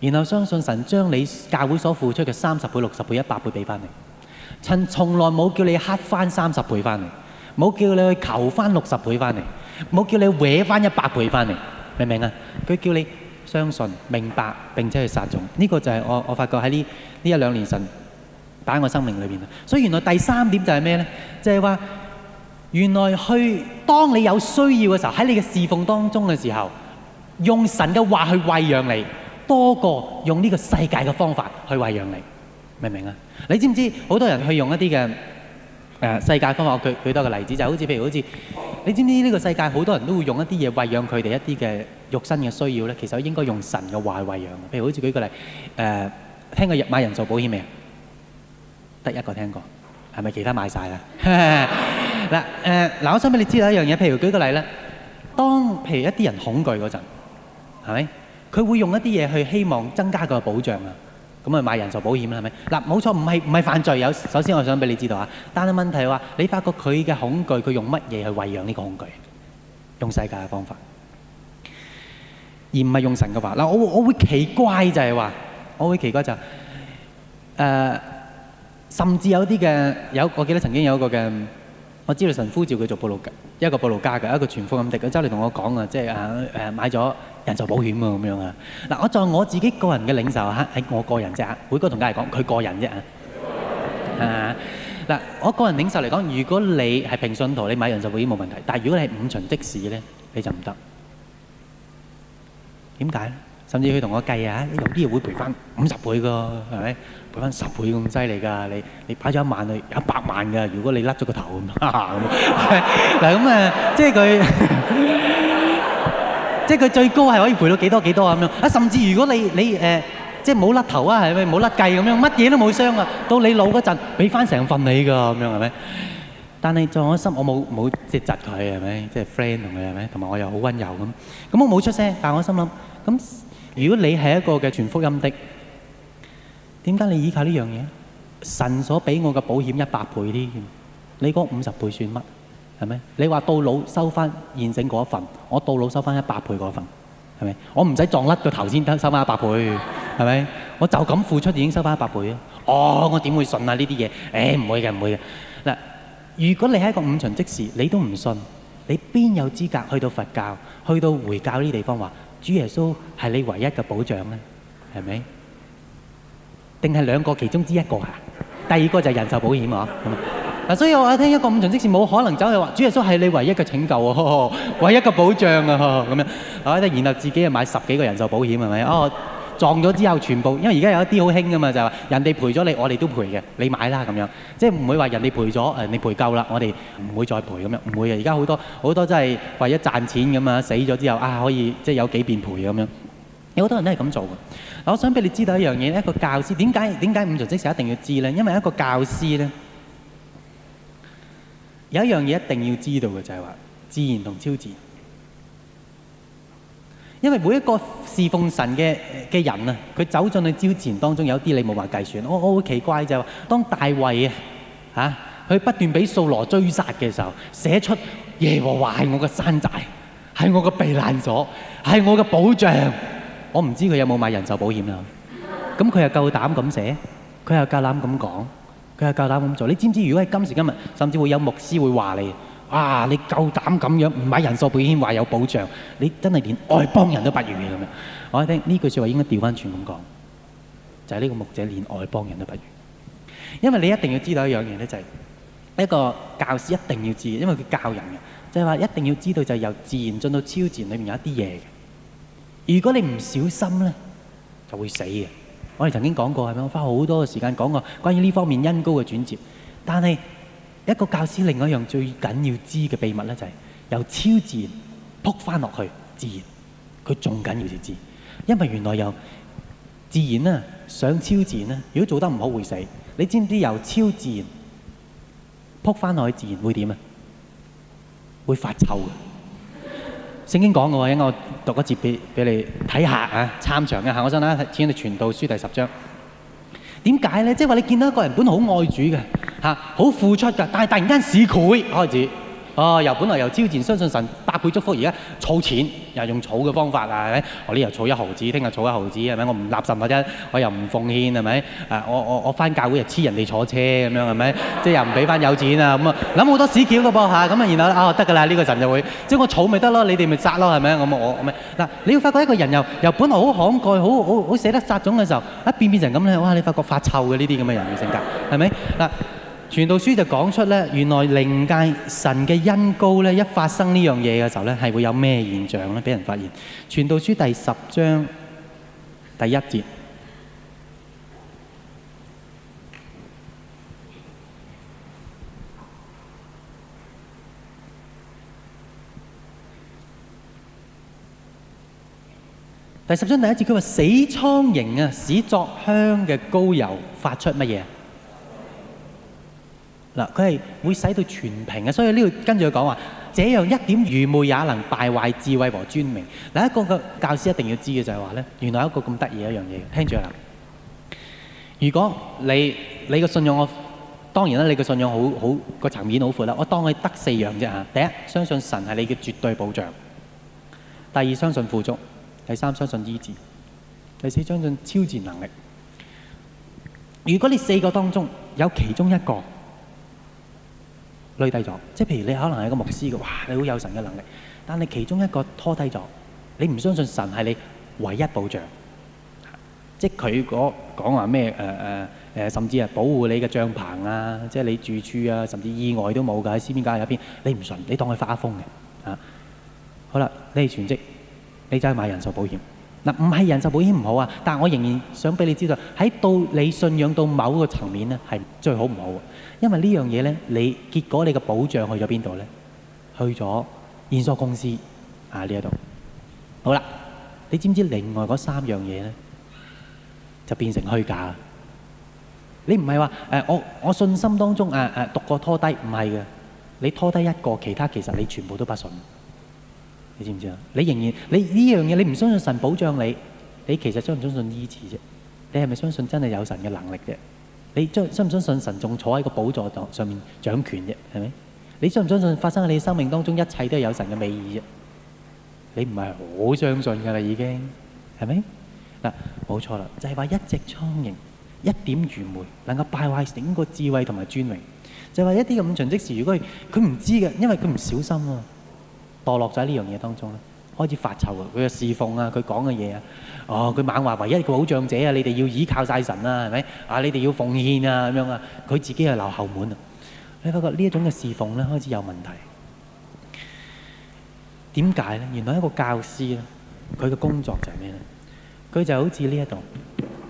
[SPEAKER 1] 然後相信神將你教會所付出嘅三十倍、六十倍、一百倍俾翻你。神從來冇叫你黑翻三十倍翻嚟，冇叫你去求翻六十倍翻嚟，冇叫你搲翻一百倍翻嚟，明唔明啊？佢叫你相信、明白並且去撒種。呢、這個就係我我發覺喺呢呢一兩年神擺喺我生命裏面。所以原來第三點就係咩呢？就係、是、話原來去當你有需要嘅時候，喺你嘅侍奉當中嘅時候，用神嘅話去餵養你。多過用呢個世界嘅方法去餵養你，明唔明啊？你知唔知好多人去用一啲嘅誒世界方法？我舉舉多個例子，就好似譬如好似你知唔知呢個世界好多人都會用一啲嘢餵養佢哋一啲嘅肉身嘅需要咧？其實應該用神嘅話餵養嘅。譬如好似舉個例誒，聽過人買人壽保險未啊？得一個聽過，係咪其他買曬啦？嗱誒嗱，我想俾你知道一樣嘢。譬如舉個例咧，當譬如一啲人恐懼嗰陣，係咪？佢會用一啲嘢去希望增加個保障啊，咁啊買人壽保險啦，係咪？嗱冇錯，唔係唔係犯罪有。首先我想俾你知道啊，但係問題話你發覺佢嘅恐懼，佢用乜嘢去餵養呢個恐懼？用世界嘅方法，而唔係用神嘅話。嗱我我會奇怪就係話，我會奇怪就誒、就是呃，甚至有啲嘅有，我記得曾經有一個嘅。我知道神呼召佢做布道家，一個布道家嘅一個全福音嘅。佢週日同我講啊，即係啊誒買咗人壽保險喎咁樣啊。嗱，我在我自己個人嘅領受嚇喺我個人啫，每個同家嚟講佢個人啫啊。嗱，我個人領受嚟講，如果你係平信徒，你買人壽保險冇問題。但係如果你係五旬職事咧，你就唔得。點解咧？甚至佢同我計啊，呢啲嘢會賠翻五十倍嘅，係咪？賠翻十倍咁犀利㗎？你你擺咗一萬去，有一百萬㗎。如果你甩咗個頭咁，嗱咁誒，即係佢，即係佢最高係可以賠到幾多幾多咁樣？啊，甚至如果你你誒，即係冇甩頭啊，係咪冇甩計咁樣？乜嘢都冇傷啊，到你老嗰陣俾翻成份你㗎咁樣係咪？但係在我心，我冇冇即係窒佢係咪？即係 friend 同佢係咪？同埋我又好溫柔咁，咁我冇出聲，但係我心諗咁。如果你係一個嘅全福音的，點解你依靠呢樣嘢？神所俾我嘅保險一百倍呢？你講五十倍算乜？係咪？你話到老收翻現成嗰一份，我到老收翻一百倍嗰份，係咪？我唔使撞甩個頭先收翻一百倍，係咪？ 我就咁付出已經收翻一百倍啊！哦，我點會信啊呢啲嘢？誒唔會嘅，唔會嘅嗱。如果你係一個五旬職事，你都唔信，你邊有資格去到佛教、去到回教呢啲地方話？主耶穌係你唯一嘅保障咧，係咪？定係兩個其中之一個啊？第二個就係人壽保險嗬。嗱， 所以我聽一個五旬職事冇可能走去話，主耶穌係你唯一嘅拯救喎，啊，唯一嘅保障啊，咁樣啊，然後自己又買十幾個人壽保險，係咪？哦。 撞咗之後，全部因為而家有一啲好興噶嘛，就係話人哋賠咗你，我哋都賠嘅，你買啦咁樣，即係唔會話人哋賠咗，誒你賠夠啦，我哋唔會再賠咁樣，唔會啊！而家好多好多真係為咗賺錢咁啊，死咗之後啊，可以即係有幾便賠咁樣，有好多人都係咁做嘅。我想俾你知道一樣嘢，一個教師點解點解五旬職事一定要知呢？因為一個教師呢，有一樣嘢一定要知道嘅就係話自然同超自然。因為每一個侍奉神嘅嘅人啊，佢走進去爭戰當中，有啲你冇話計算。我我好奇怪就係話，當大衛啊嚇，佢不斷俾掃羅追殺嘅時候，寫出耶和華係我嘅山寨，係我嘅避難所，係我嘅保障。我唔知佢有冇買人壽保險啦。咁佢又夠膽咁寫，佢又夠膽咁講，佢又夠膽咁做。你知唔知道如果係今時今日，甚至會有牧師會話你？哇、啊！你夠膽咁樣唔買人壽保險話有保障？你真係連外邦人都不如嘅咁樣。我覺得呢句説話應該調翻轉咁講，就係、是、呢個牧者連外邦人都不如。因為你一定要知道一樣嘢咧，就係、是、一個教師一定要知道，因為佢教人嘅，就係、是、話一定要知道就係由自然進到超自然裏面有一啲嘢嘅。如果你唔小心咧，就會死嘅。我哋曾經講過係咪？我花好多嘅時間講過關於呢方面恩膏嘅轉接，但係。一個教師另外一樣最緊要知嘅秘密咧，就係由超自然撲翻落去自然，佢仲緊要至知，因為原來由自然咧想超自然咧，如果做得唔好會死。你知唔知由超自然撲翻落去自然會點啊？會發臭嘅。聖經講嘅喎，應該我讀一節俾俾你睇下啊，參詳嘅。下我先啦，請你傳道書第十章。點解咧？即係話你見到一個人本好愛主嘅，吓，好付出嘅。但係突然間市儈開始。哦，又本來由超前，相信神百倍祝福。而家儲錢又用儲嘅方法啊，係咪？我、哦、呢又儲一毫子，聽日儲一毫子，係咪？我唔納十一嘅啫，我又唔奉獻，係咪？啊，我我我返教會又黐人哋坐車咁樣，係咪？即係又唔俾返有錢啊，咁啊諗好多屎橋嘅噃嚇，咁啊然後啊得㗎啦，呢、哦這個神就會即係我儲咪得咯，你哋咪撒咯，係咪？咁我嗱、啊？你要發覺一個人又又本來好慷慨，好好好捨得撒種嘅時候，一、啊、變變成咁咧，哇！你發覺發臭嘅呢啲咁嘅人嘅性格，係咪嗱？啊傳道書就講出，原來靈界神嘅恩膏一發生呢樣嘢嘅時候呢，係會有咩現象咧？俾人發現。傳道書第十章第一節，第十章第一節佢話：死蒼蠅啊，使作香嘅膏油發出乜嘢？嗱，佢係會使到全屏嘅，所以呢度跟住佢講話，這樣一點愚昧也能敗壞智慧和尊明。嗱，一個個教師一定要知嘅就係話咧，原來一個咁得意一樣嘢，聽住啦。如果你你嘅信仰，我當然啦，你嘅信仰好好個層面好闊啦。我當你得四樣啫嚇。第一，相信神係你嘅絕對保障；第二，相信富足；第三，相信醫治；第四，相信超自然能力。如果你四個當中有其中一個，累低咗，即係譬如你可能係個牧師嘅話，你好有神嘅能力，但係其中一個拖低咗，你唔相信神係你唯一保障，即係佢嗰講話咩誒誒誒，甚至係保護你嘅帳篷啊，即係你住處啊，甚至意外都冇㗎。喺《斯邊格》入邊，你唔信，你當佢花風嘅嚇。好啦，你係全職，你就係買人壽保險。嗱，唔係人壽保險唔好啊，但係我仍然想俾你知道，喺到你信仰到某個層面咧，係最好唔好嘅，因為呢樣嘢咧，你結果你嘅保障去咗邊度咧？去咗現所公司啊呢一度，好啦，你知唔知道另外嗰三樣嘢咧，就變成虛假。你唔係話誒我我信心當中誒誒獨個拖低，唔係嘅，你拖低一個，其他其實你全部都不信。你知唔知啊？你仍然你呢樣嘢，你唔相信神保障你，你其實相唔相信醫治啫？你係咪相信真係有神嘅能力啫？你將相唔相信神仲坐喺個寶座上上面掌權啫？係咪？你相唔相信發生喺你生命當中一切都係有神嘅美意啫？你唔係好相信噶啦，你已經係咪？嗱，冇錯啦，就係話一隻蒼蠅，一點愚昧，能夠敗壞整個智慧同埋尊榮。就係話一啲咁五旬職事，如果佢唔知嘅，因為佢唔小心啊。墮落咗呢樣嘢當中咧，開始發臭，佢嘅侍奉啊，佢講嘅嘢啊，哦，佢猛話唯一嘅保障者啊，你哋要倚靠晒神啦，係咪啊？是是你哋要奉獻啊，咁樣啊，佢自己係留後門啊！你發覺呢一種嘅侍奉咧，開始有問題。點解咧？原來一個教師咧，佢嘅工作就係咩咧？佢就好似呢一度，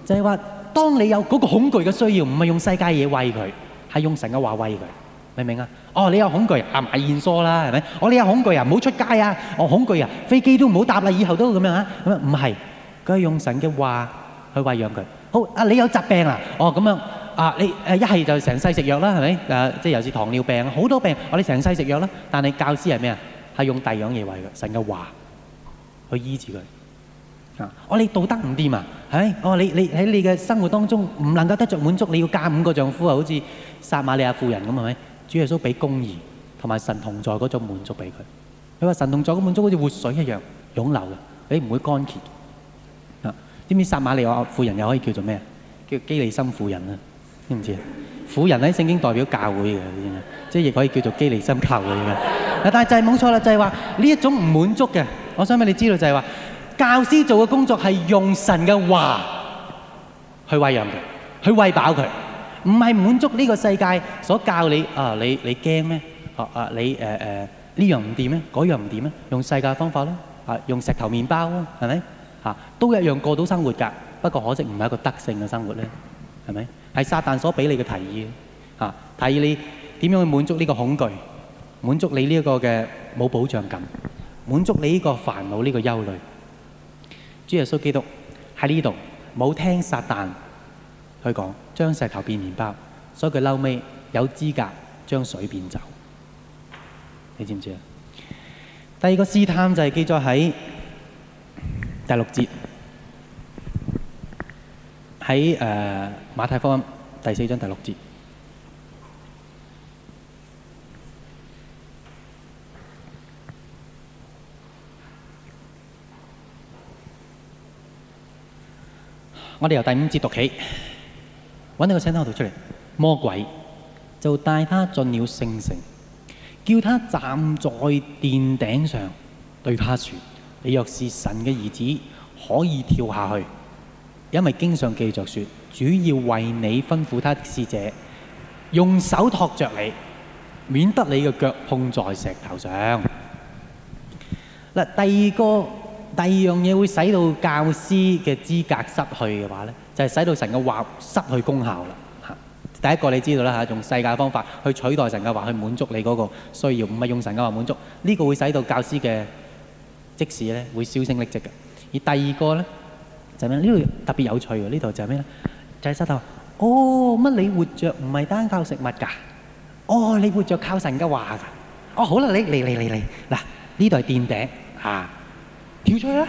[SPEAKER 1] 就係、是、話，當你有嗰個恐懼嘅需要，唔係用世界嘢餵佢，係用神嘅話餵佢。明唔明啊？哦，你有恐懼啊，買燕梳啦，係咪？哦，你有恐懼啊，唔好出街啊！哦，恐懼啊，飛機都唔好搭啦，以後都咁樣啊？咁樣啊，唔係佢係用神嘅話去餵養佢。好啊，你有疾病啊？哦，咁樣啊，你誒一係就成世食藥啦，係咪？誒，即係尤其是糖尿病，好多病，我哋成世食藥啦。但係教師係咩啊？係用第二樣嘢餵嘅，神嘅話去醫治佢啊！哦，你道德唔掂啊？係咪？哦，你你喺你嘅生活當中唔能夠得着滿足，你要嫁五個丈夫啊？好似撒瑪利亞婦人咁，係咪？主耶穌俾公義同埋神同在嗰種滿足俾佢。佢話神同在嘅滿足好似活水一樣湧流嘅，你唔會乾竭。啊，知唔知撒瑪利亞婦人又可以叫做咩？叫基利心婦人啊？知唔知啊？婦人喺聖經代表教會嘅，即係亦可以叫做基利心教會嘅。 但係就係冇錯啦，就係話呢一種唔滿足嘅。我想俾你知道就係話，教師做嘅工作係用神嘅話去餵養佢，去餵飽佢。唔係滿足呢個世界所教你啊，你你驚咩啊？啊，你誒誒呢樣唔掂咩？嗰樣唔掂咩？用世界方法咧啊，用石頭麵包啦，係咪吓都一樣過到生活㗎？不過可惜唔係一個德性嘅生活咧，係咪？係撒但所俾你嘅提議吓？提議你點樣去滿足呢個恐懼，滿足你呢一個嘅冇保障感，滿足你呢個煩惱呢個憂慮。主耶穌基督喺呢度冇聽撒但去講。將石頭變麵包，所以佢嬲尾有資格將水變酒，你知唔知啊？第二個試探就係記載喺第六節，喺誒馬太福音第四章第六節。我哋由第五節讀起。揾呢個清單度出嚟，魔鬼就帶他進了聖城，叫他站在殿頂上，對他說：你若是神嘅兒子，可以跳下去，因為經上記着說，主要為你吩咐他的使者，用手托着你，免得你嘅腳碰在石頭上。第二個，第二樣嘢會使到教師嘅資格失去嘅話咧？就係使到神嘅話失去功效啦。嚇，第一個你知道啦嚇，用世界方法去取代神嘅話去滿足你嗰個需要，唔係用神嘅話滿足。呢、這個會使到教師嘅職事咧會銷聲匿跡嘅。而第二個咧就係、是、咩？呢度特別有趣喎。呢度就係咩咧？就係石頭，哦乜你活着唔係單靠食物㗎？哦你活着靠神嘅話㗎？哦好啦，你嚟嚟嚟嚟嗱呢度係殿頂吓，啊、跳出去啦！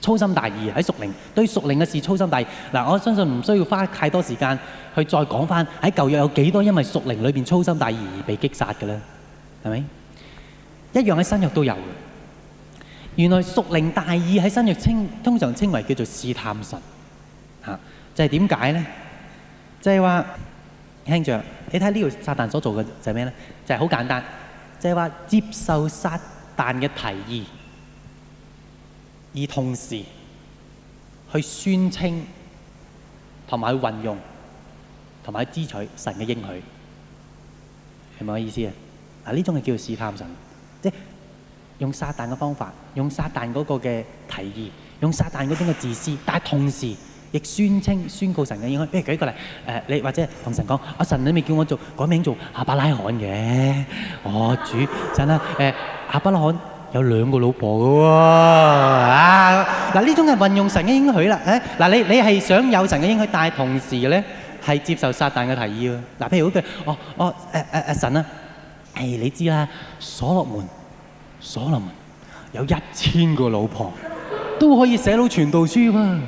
[SPEAKER 1] 粗心大意，喺屬靈，對屬靈嘅事粗心大意，我相信唔需要花太多時間去再講返，喺舊約有幾多因為屬靈裏面粗心大意而被擊殺嘅呢？係咪一樣喺新約都有嘅，原來屬靈大意喺新約通常稱為叫做試探神，是就係點解呢？就係、是、話聽著，你睇下呢條撒旦所做嘅就係咩呢？就係、是、好簡單，就係、是、話接受撒旦嘅提議。而同時去宣稱同埋去運用同埋支取神嘅應許，係咪個意思啊？嗱，呢種係叫做試探神，即係用撒旦嘅方法，用撒旦嗰個嘅提議，用撒旦嗰種嘅自私，但係同時亦宣稱宣告神嘅應許。譬、欸、如舉一個例，呃、你或者同神講，阿、啊、神你咪叫我做改名做阿伯拉罕嘅，我主真啦，誒阿、啊呃、伯拉罕。有兩個老婆嘅喎啊！嗱，呢種係運用神嘅應許啦。誒，嗱，你你係想有神嘅應許，但係同時咧係接受撒但嘅提議喎。嗱，譬如好似哦哦誒誒阿神啊，誒你知啦，所羅門，所羅門有一千個老婆都可以寫到傳道書啊嘛。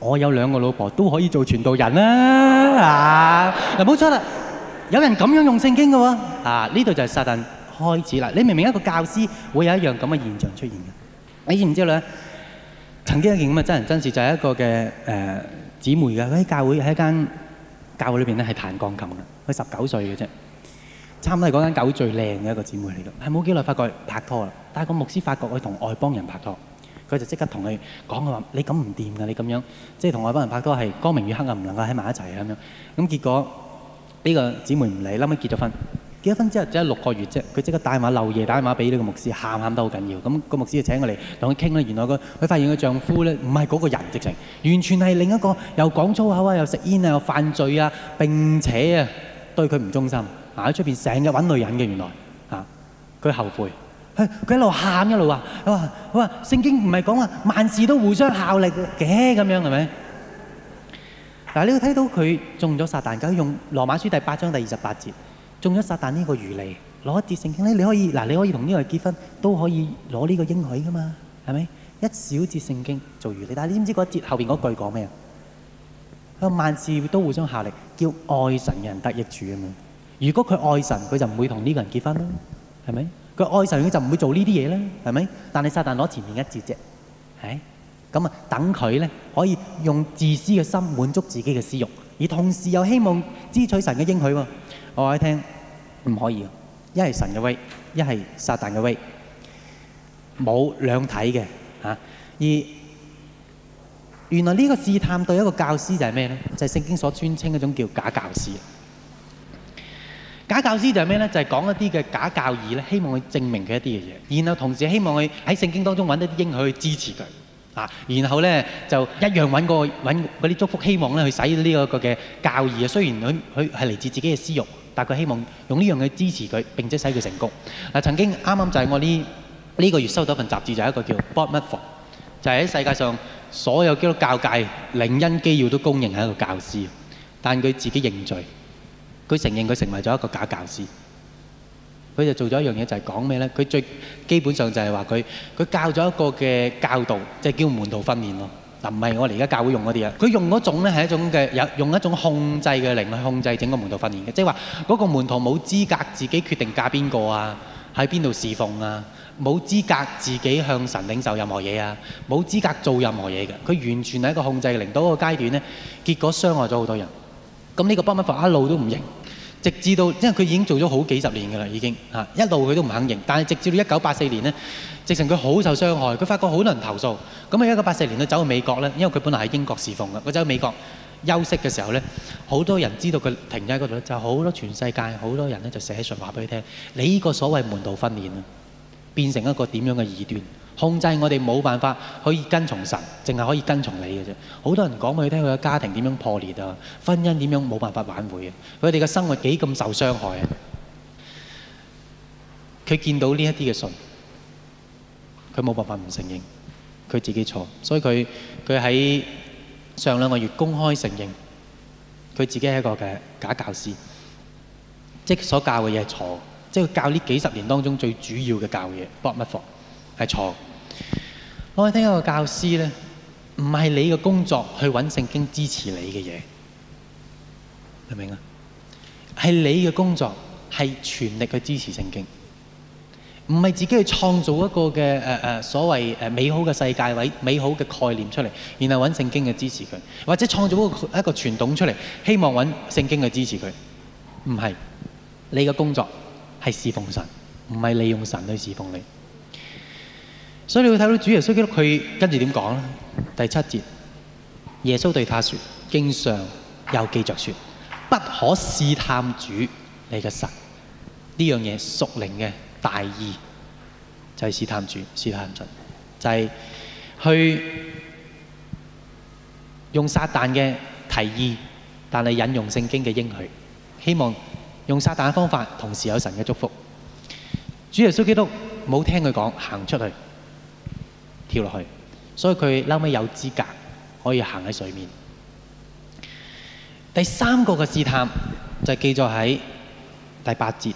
[SPEAKER 1] 我有兩個老婆都可以做傳道人啊。啊，嗱冇錯啦，有人咁樣用聖經嘅喎。啊，呢度就係撒但。開始啦！你明明一個教師會有一樣咁嘅現象出現嘅，你知唔知道咧？曾經一件咁嘅真人真事就係一個嘅誒姊妹嘅佢喺教會喺間教會裏邊咧係彈鋼琴嘅，佢十九歲嘅啫，差唔多係嗰間教會最靚嘅一個姊妹嚟嘅，係冇幾耐發覺拍拖啦，但係個牧師發覺佢同外邦人拍拖，佢就即刻同佢講佢話：你咁唔掂㗎，你咁樣即係同外邦人拍拖係光明與黑暗唔能夠喺埋一齊啊咁樣。咁結果呢個姊妹唔理，臨尾結咗婚。結咗婚之後只係六個月啫。佢即刻打電話，漏夜打電話俾呢個牧師，喊喊得好緊要。咁個牧師就請我嚟同佢傾啦。原來個佢發現佢丈夫咧唔係嗰個人直情，完全係另一個又講粗口啊，又食煙啊，又犯罪啊，並且啊對佢唔忠心，行喺出邊成日揾女人嘅。原來嚇佢後悔，佢佢一路喊一路話，佢話佢話聖經唔係講話，萬事都互相效力嘅咁樣係咪？嗱，你會睇到佢中咗撒但，佢用羅馬書第八章第二十八節。中咗撒旦呢個餘利，攞一節聖經咧，你可以嗱，你可以同呢個人結婚，都可以攞呢個應許噶嘛，係咪？一小節聖經做餘利，但係你知唔知嗰節後邊嗰句講咩啊？佢話萬事都互相效力，叫愛神嘅人得益處啊嘛。如果佢愛神，佢就唔會同呢個人結婚啦，係咪？佢愛神，佢就唔會做呢啲嘢啦，係咪？但係撒旦攞前面一節啫，係咁啊，等佢咧可以用自私嘅心滿足自己嘅私慾。而同時又希望支取神嘅應許喎，我話你聽，唔可以，一係神嘅威，一係撒旦嘅威，冇兩體嘅嚇、啊。而原來呢個試探對一個教師就係咩咧？就係、是、聖經所專稱嗰種叫假教師。假教師就係咩咧？就係、是、講一啲嘅假教義咧，希望佢證明佢一啲嘅嘢，然後同時希望佢喺聖經當中搵一啲應許去支持佢。啊！然後咧就一樣揾個揾嗰啲祝福希望咧去使呢個嘅教義啊。雖然佢佢係嚟自自己嘅私欲，但佢希望用呢樣去支持佢，並且使佢成功。嗱、啊，曾經啱啱就係我呢呢、這個月收到一份雜誌，就係、是、一個叫 Bartimae，o 就係喺世界上所有基督教界領恩基要都公認係一個教師，但佢自己認罪，佢承認佢成為咗一個假教師。佢就做咗一樣嘢，就係講咩呢？佢最基本上就係話佢，佢教咗一個嘅教導，即、就是、叫門徒訓練嗱，唔係我哋而家教會用嗰啲啊。佢用嗰種咧係一種嘅用一種控制嘅靈去控制整個門徒訓練嘅，即係話嗰個門徒冇資格自己決定嫁邊個啊，喺邊度侍奉啊，冇資格自己向神領受任何嘢啊，冇資格做任何嘢嘅。佢完全係一個控制嘅靈。到嗰個階段呢，結果傷害咗好多人。咁呢個伯民法，一路都唔認。直至到，因為佢已經做咗好幾十年㗎啦，已經嚇一路佢都唔肯認，但係直至到一九八四年呢，直情佢好受傷害，佢發覺好多人投訴，咁啊一九八四年佢走去美國呢，因為佢本來喺英國侍奉㗎，佢走去美國休息嘅時候呢，好多人知道佢停咗喺嗰度，就好多全世界好多人咧就寫信話俾佢聽，你呢個所謂門徒訓練啊，變成一個點樣嘅異端。控制我哋冇辦法可以跟從神，淨係可以跟從你嘅啫。好多人講俾佢聽，佢嘅家庭點樣破裂啊，婚姻點樣冇辦法挽回啊，佢哋嘅生活幾咁受傷害啊。佢見到呢一啲嘅信，佢冇辦法唔承認，佢自己錯。所以佢佢喺上兩個月公開承認，佢自己係一個嘅假教師，即係所教嘅嘢錯，即係佢教呢幾十年當中最主要嘅教嘢博乜佛係錯。是我聽一個教師咧，唔係你嘅工作去揾聖經支持你嘅嘢，明唔明啊？係你嘅工作係全力去支持聖經，唔係自己去創造一個嘅誒誒所謂誒美好嘅世界位美好嘅概念出嚟，然後揾聖經去支持佢，或者創造一個傳統出嚟，希望揾聖經去支持佢，唔係，你嘅工作係侍奉神，唔係利用神去侍奉你。所以你會睇到主耶穌基督佢跟住點講呢？第七節，耶穌對他說：經常又記着說，不可試探主，你嘅神。呢樣嘢屬靈嘅大意就係試探主，試探神就係去用撒旦嘅提議，但係引用聖經嘅應許，希望用撒旦嘅方法，同時有神嘅祝福。主耶穌基督冇聽佢講，行出去。跳落去，所以佢嬲尾有資格可以行喺水面。第三個嘅試探就係記咗喺第八節，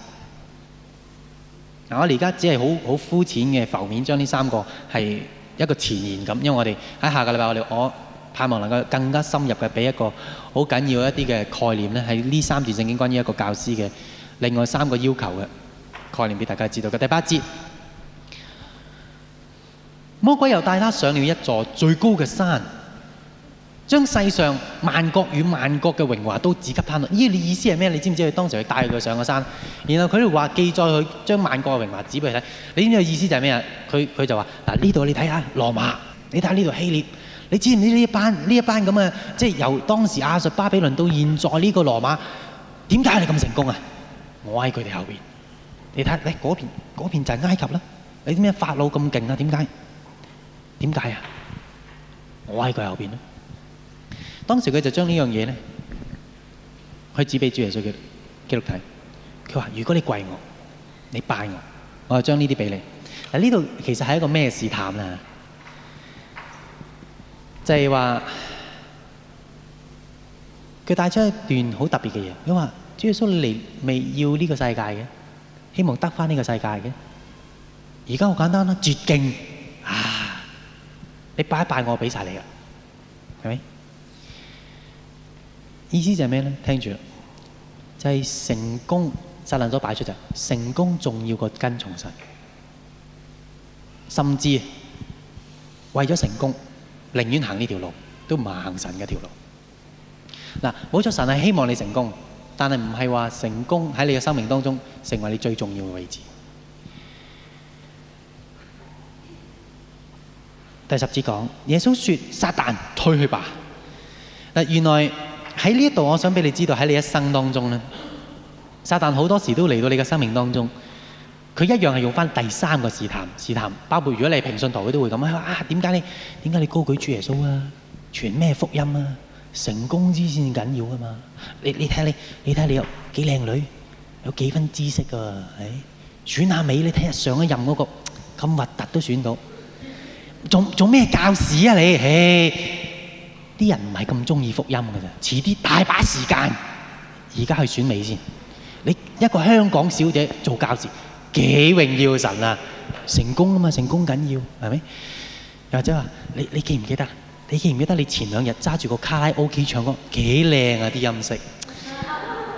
[SPEAKER 1] 嗱，我哋而家只係好好膚淺嘅浮面，將呢三個係一個前言咁，因為我哋喺下個禮拜，我哋我，我盼望能夠更加深入嘅俾一個好緊要一啲嘅概念咧，喺呢三字聖經關於一個教師嘅另外三個要求嘅概念俾大家知道嘅第八節。魔鬼又帶他上了一座最高嘅山，將世上萬國與萬國嘅榮華都指給他睇。咦？你意思係咩？你知唔知佢當時佢帶佢上個山？然後佢就話記載佢將萬國嘅榮華指俾佢睇。你知唔知意思就係咩啊？佢佢就話嗱，呢度你睇下羅馬，你睇下呢度希臘，你知唔知呢一班呢一班咁嘅，即係由當時亞述巴比倫到現在呢個羅馬，點解你咁成功啊？我喺佢哋後面。你睇，誒嗰邊嗰邊就係埃及啦。你知唔知法老咁勁啊？點解？點解啊？我喺佢後邊咯。當時佢就將呢樣嘢咧，佢指俾主耶穌記錄，基，基路加，佢話：如果你跪我，你拜我，我就將呢啲俾你。嗱，呢度其實係一個咩試探啊？就係、是、話，佢帶出一段好特別嘅嘢。佢話：主耶穌你未要呢個世界嘅，希望得翻呢個世界嘅。而家好簡單啦，絕境啊！你拜一拜我，我俾晒你噶，係咪？意思就係咩呢？聽住，就係成功。沙林都擺出就，成功重要過跟從神，甚至為咗成功，寧願行呢條路，都唔行神嘅條路。嗱，冇錯，神係希望你成功，但係唔係話成功喺你嘅生命當中成為你最重要嘅位置。第十節講，耶穌說：撒旦退去吧！原來喺呢度，我想畀你知道喺你一生當中呢，撒旦好多時都嚟到你嘅生命當中，佢一樣係用返第三個試探，試探包括如果你係平信徒，佢都會咁啊，點解你點解你高舉主耶穌啊？傳咩福音啊？成功先先緊要啊嘛！你，你睇下你你睇你有幾靚女，有幾分知識啊。誒，選美你睇上一任嗰個咁核突都選到。做做咩教師啊你？唉，啲人唔係咁中意福音噶咋？遲啲大把時間，而家去選美先。你一個香港小姐做教師，幾榮耀神啊？成功啊嘛，成功緊要係咪？又或者話你你記唔記得？你記唔記得你前兩日揸住個卡拉 OK 唱歌，幾靚啊啲音色！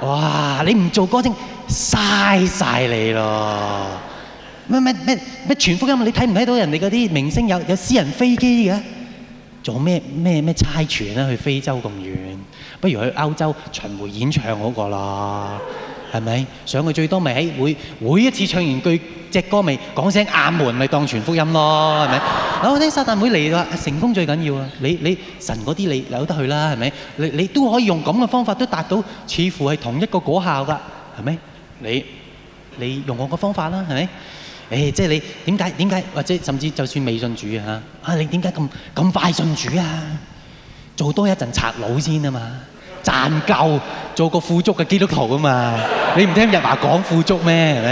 [SPEAKER 1] 哇，你唔做歌星，嘥晒你咯～咩咩咩咩！全福音啊！你睇唔睇到人哋嗰啲明星有有私人飛機嘅，做咩咩咩差傳啊？去非洲咁遠，不如去歐洲巡迴演唱好過啦，係咪？上去最多咪喺每每一次唱完句隻歌咪講聲阿門咪當全福音咯，係咪？好啲撒旦妹嚟啦！成功最緊要啊！你你神嗰啲你扭得去啦，係咪？你你都可以用咁嘅方法都達到似乎係同一個果效㗎，係咪？你你用我嘅方法啦，係咪？誒，即係你點解點解，或者甚至就算未信主嚇，啊你點解咁咁快信主啊？做多一陣賊佬先啊嘛，賺夠做個富足嘅基督徒啊嘛，你唔聽日華講富足咩？係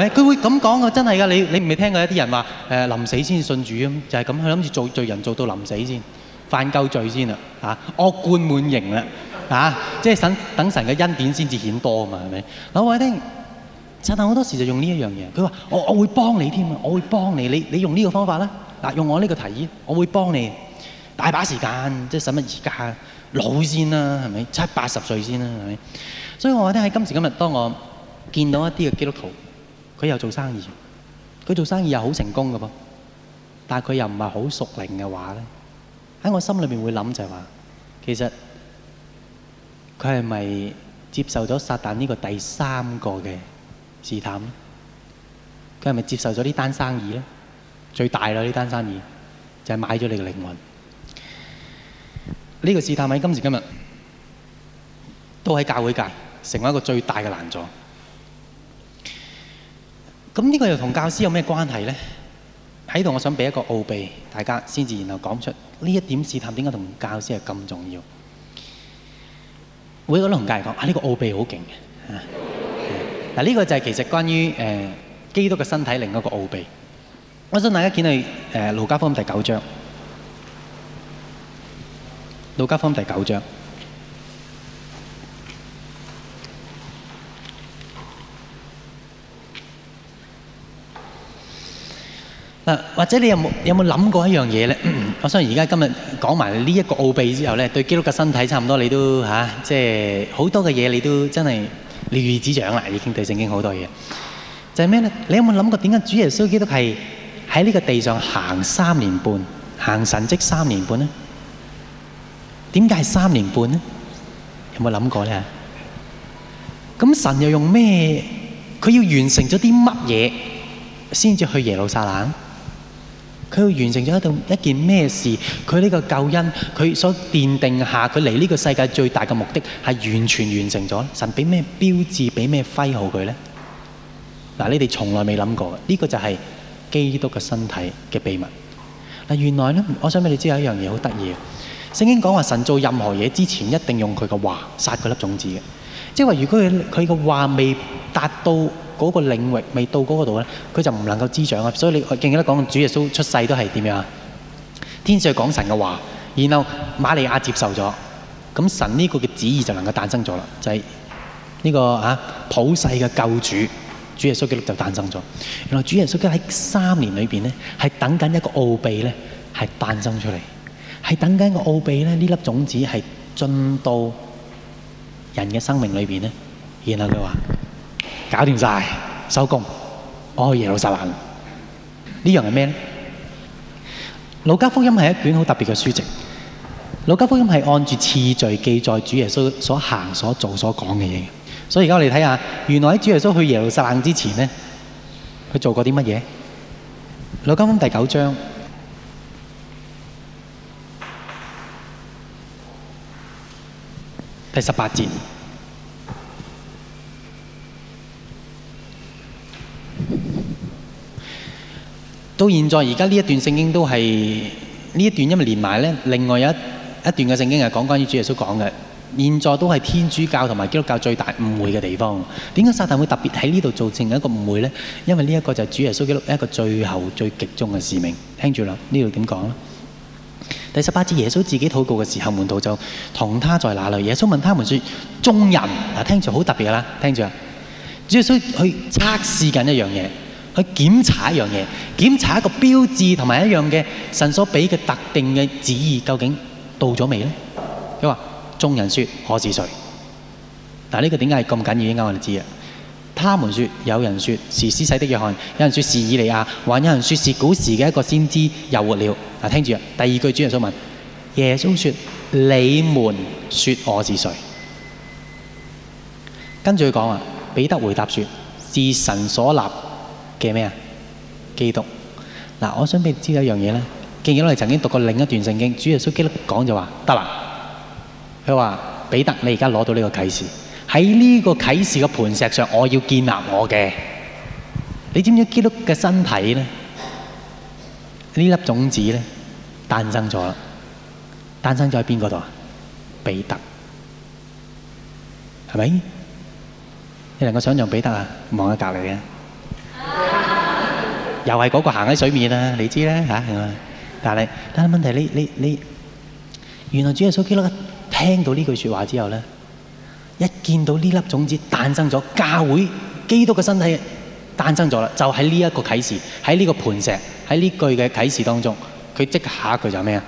[SPEAKER 1] 咪？誒，佢會咁講㗎，真係㗎。你你唔係聽過一啲人話誒臨死先信主啊？就係咁，佢諗住做罪人做到臨死先，犯夠罪先啦，啊惡貫滿盈啦，啊即係等等神嘅恩典先至顯多啊嘛，係咪？好我聽。撒旦好多時就用呢一樣嘢。佢話：我我會幫你添啊，我會幫你。你你用呢個方法咧嗱，用我呢個提議，我會幫你大把時間。即係使乜而家老先啦，係咪七八十歲先啦，係咪？所以我話咧喺今時今日，當我見到一啲嘅基督徒，佢又做生意，佢做生意又好成功嘅噃，但係佢又唔係好熟靈嘅話咧，喺我心裏邊會諗就係話，其實佢係咪接受咗撒旦呢個第三個嘅？試探佢係咪接受咗呢單生意咧？最大啦呢單生意，就係、是、買咗你嘅靈魂。呢、這個試探喺今時今日，都喺教會界成為一個最大嘅攔阻。咁呢個又同教師有咩關係咧？喺度我想俾一個奧秘，大家先至，然後講出呢一點試探點解同教師係咁重要。會嗰度同教員講：啊，呢、這個奧秘好勁嘅。啊嗱，呢個就係其實關於誒基督嘅身體另一個奧秘。我想大家見到誒路加福音第九章。路加福音第九章。嗱，或者你有冇有冇諗過一樣嘢咧？我相信而家今日講埋呢一個奧秘之後咧，對基督嘅身體差唔多，你都吓，即係好多嘅嘢，你都真係。了如指掌啦，已經對聖經好多嘢。就係咩咧？你有冇諗過點解主耶穌基督係喺呢個地上行三年半，行神蹟三年半咧？點解係三年半咧？有冇諗過呢？咁神又用咩？佢要完成咗啲乜嘢先至去耶路撒冷？佢完成咗一件咩事？佢呢個救恩，佢所奠定下，佢嚟呢個世界最大嘅目的係完全完成咗。神俾咩標誌，俾咩徽號佢咧？嗱，你哋從來未諗過嘅呢個就係基督嘅身體嘅秘密。原來呢，我想俾你知道有一樣嘢好得意。聖經講話神做任何嘢之前，一定用佢嘅話殺佢粒種子。即係話如果佢嘅話未達到。嗰個領域未到嗰度咧，佢就唔能夠滋長啊！所以你記唔記得講主耶穌出世都係點樣啊？天使係講神嘅話，然後瑪利亞接受咗，咁神呢個嘅旨意就能夠誕生咗啦。就係呢個啊普世嘅救主，主耶穌基督就誕生咗。原來主耶穌基督喺三年裏邊咧，係等緊一個奧秘咧，係誕生出嚟，係等緊個奧秘咧，呢粒種子係進到人嘅生命裏邊咧。然後佢話。搞掂晒，收工。我去耶路撒冷。這是什麼呢樣係咩咧？《路加福音》係一卷好特別嘅書籍。《路加福音》係按住次序記載主耶穌所行、所做、所講嘅嘢。所以而家我哋睇下，原來喺主耶穌去耶路撒冷之前呢，佢做過啲乜嘢？《路加福音》第九章第十八節。到現在而家呢一段聖經都係呢一段，因為連埋咧，另外有一一段嘅聖經係講關於主耶穌講嘅。現在都係天主教同埋基督教最大誤會嘅地方。點解撒但會特別喺呢度造成一個誤會咧？因為呢一個就係主耶穌基督一個最後最極終嘅使命。聽住啦，呢度點講咧？第十八節，耶穌自己禱告嘅時候，門徒就同他在那裏。耶穌問他們說：眾人嗱，聽住好特別啦，聽住啊，主耶穌去測試緊一樣嘢。去檢查一樣嘢，檢查一個標誌同埋一樣嘅神所俾嘅特定嘅旨意，究竟到咗未呢？佢話：眾人說我是誰？但呢個點解咁緊要應該我哋知啊？他們說，有人說是施洗的約翰，有人說是以利亞，還有人說是古時嘅一個先知又活了。嗱，聽住啊，第二句主人想問：耶穌說你們說我是誰？跟住佢講啊，彼得回答說：是神所立。叫咩麼？基督。嗱，我想畀你知道一樣嘢咧。記唔記得我哋曾經讀過另一段聖經？主耶穌基督講就話得啦！佢話彼得，你而家攞到呢個啟示，喺呢個啟示嘅磐石上，我要建立我嘅。你知唔知基督嘅身體呢？呢粒種子呢，誕生咗啦，誕生咗喺邊個度啊？彼得係咪？你能夠想象彼得啊，望一隔離嘅又係嗰個行喺水面、啊、你知啦、啊、但係，問題你，你你你，原來主耶穌基督一聽到呢句説話之後呢，一見到呢粒種子誕生咗，教會、基督嘅身體誕生咗啦，就喺呢一個啟示，喺呢個磐石，喺呢句嘅啟示當中，佢即刻下一句就係咩啊？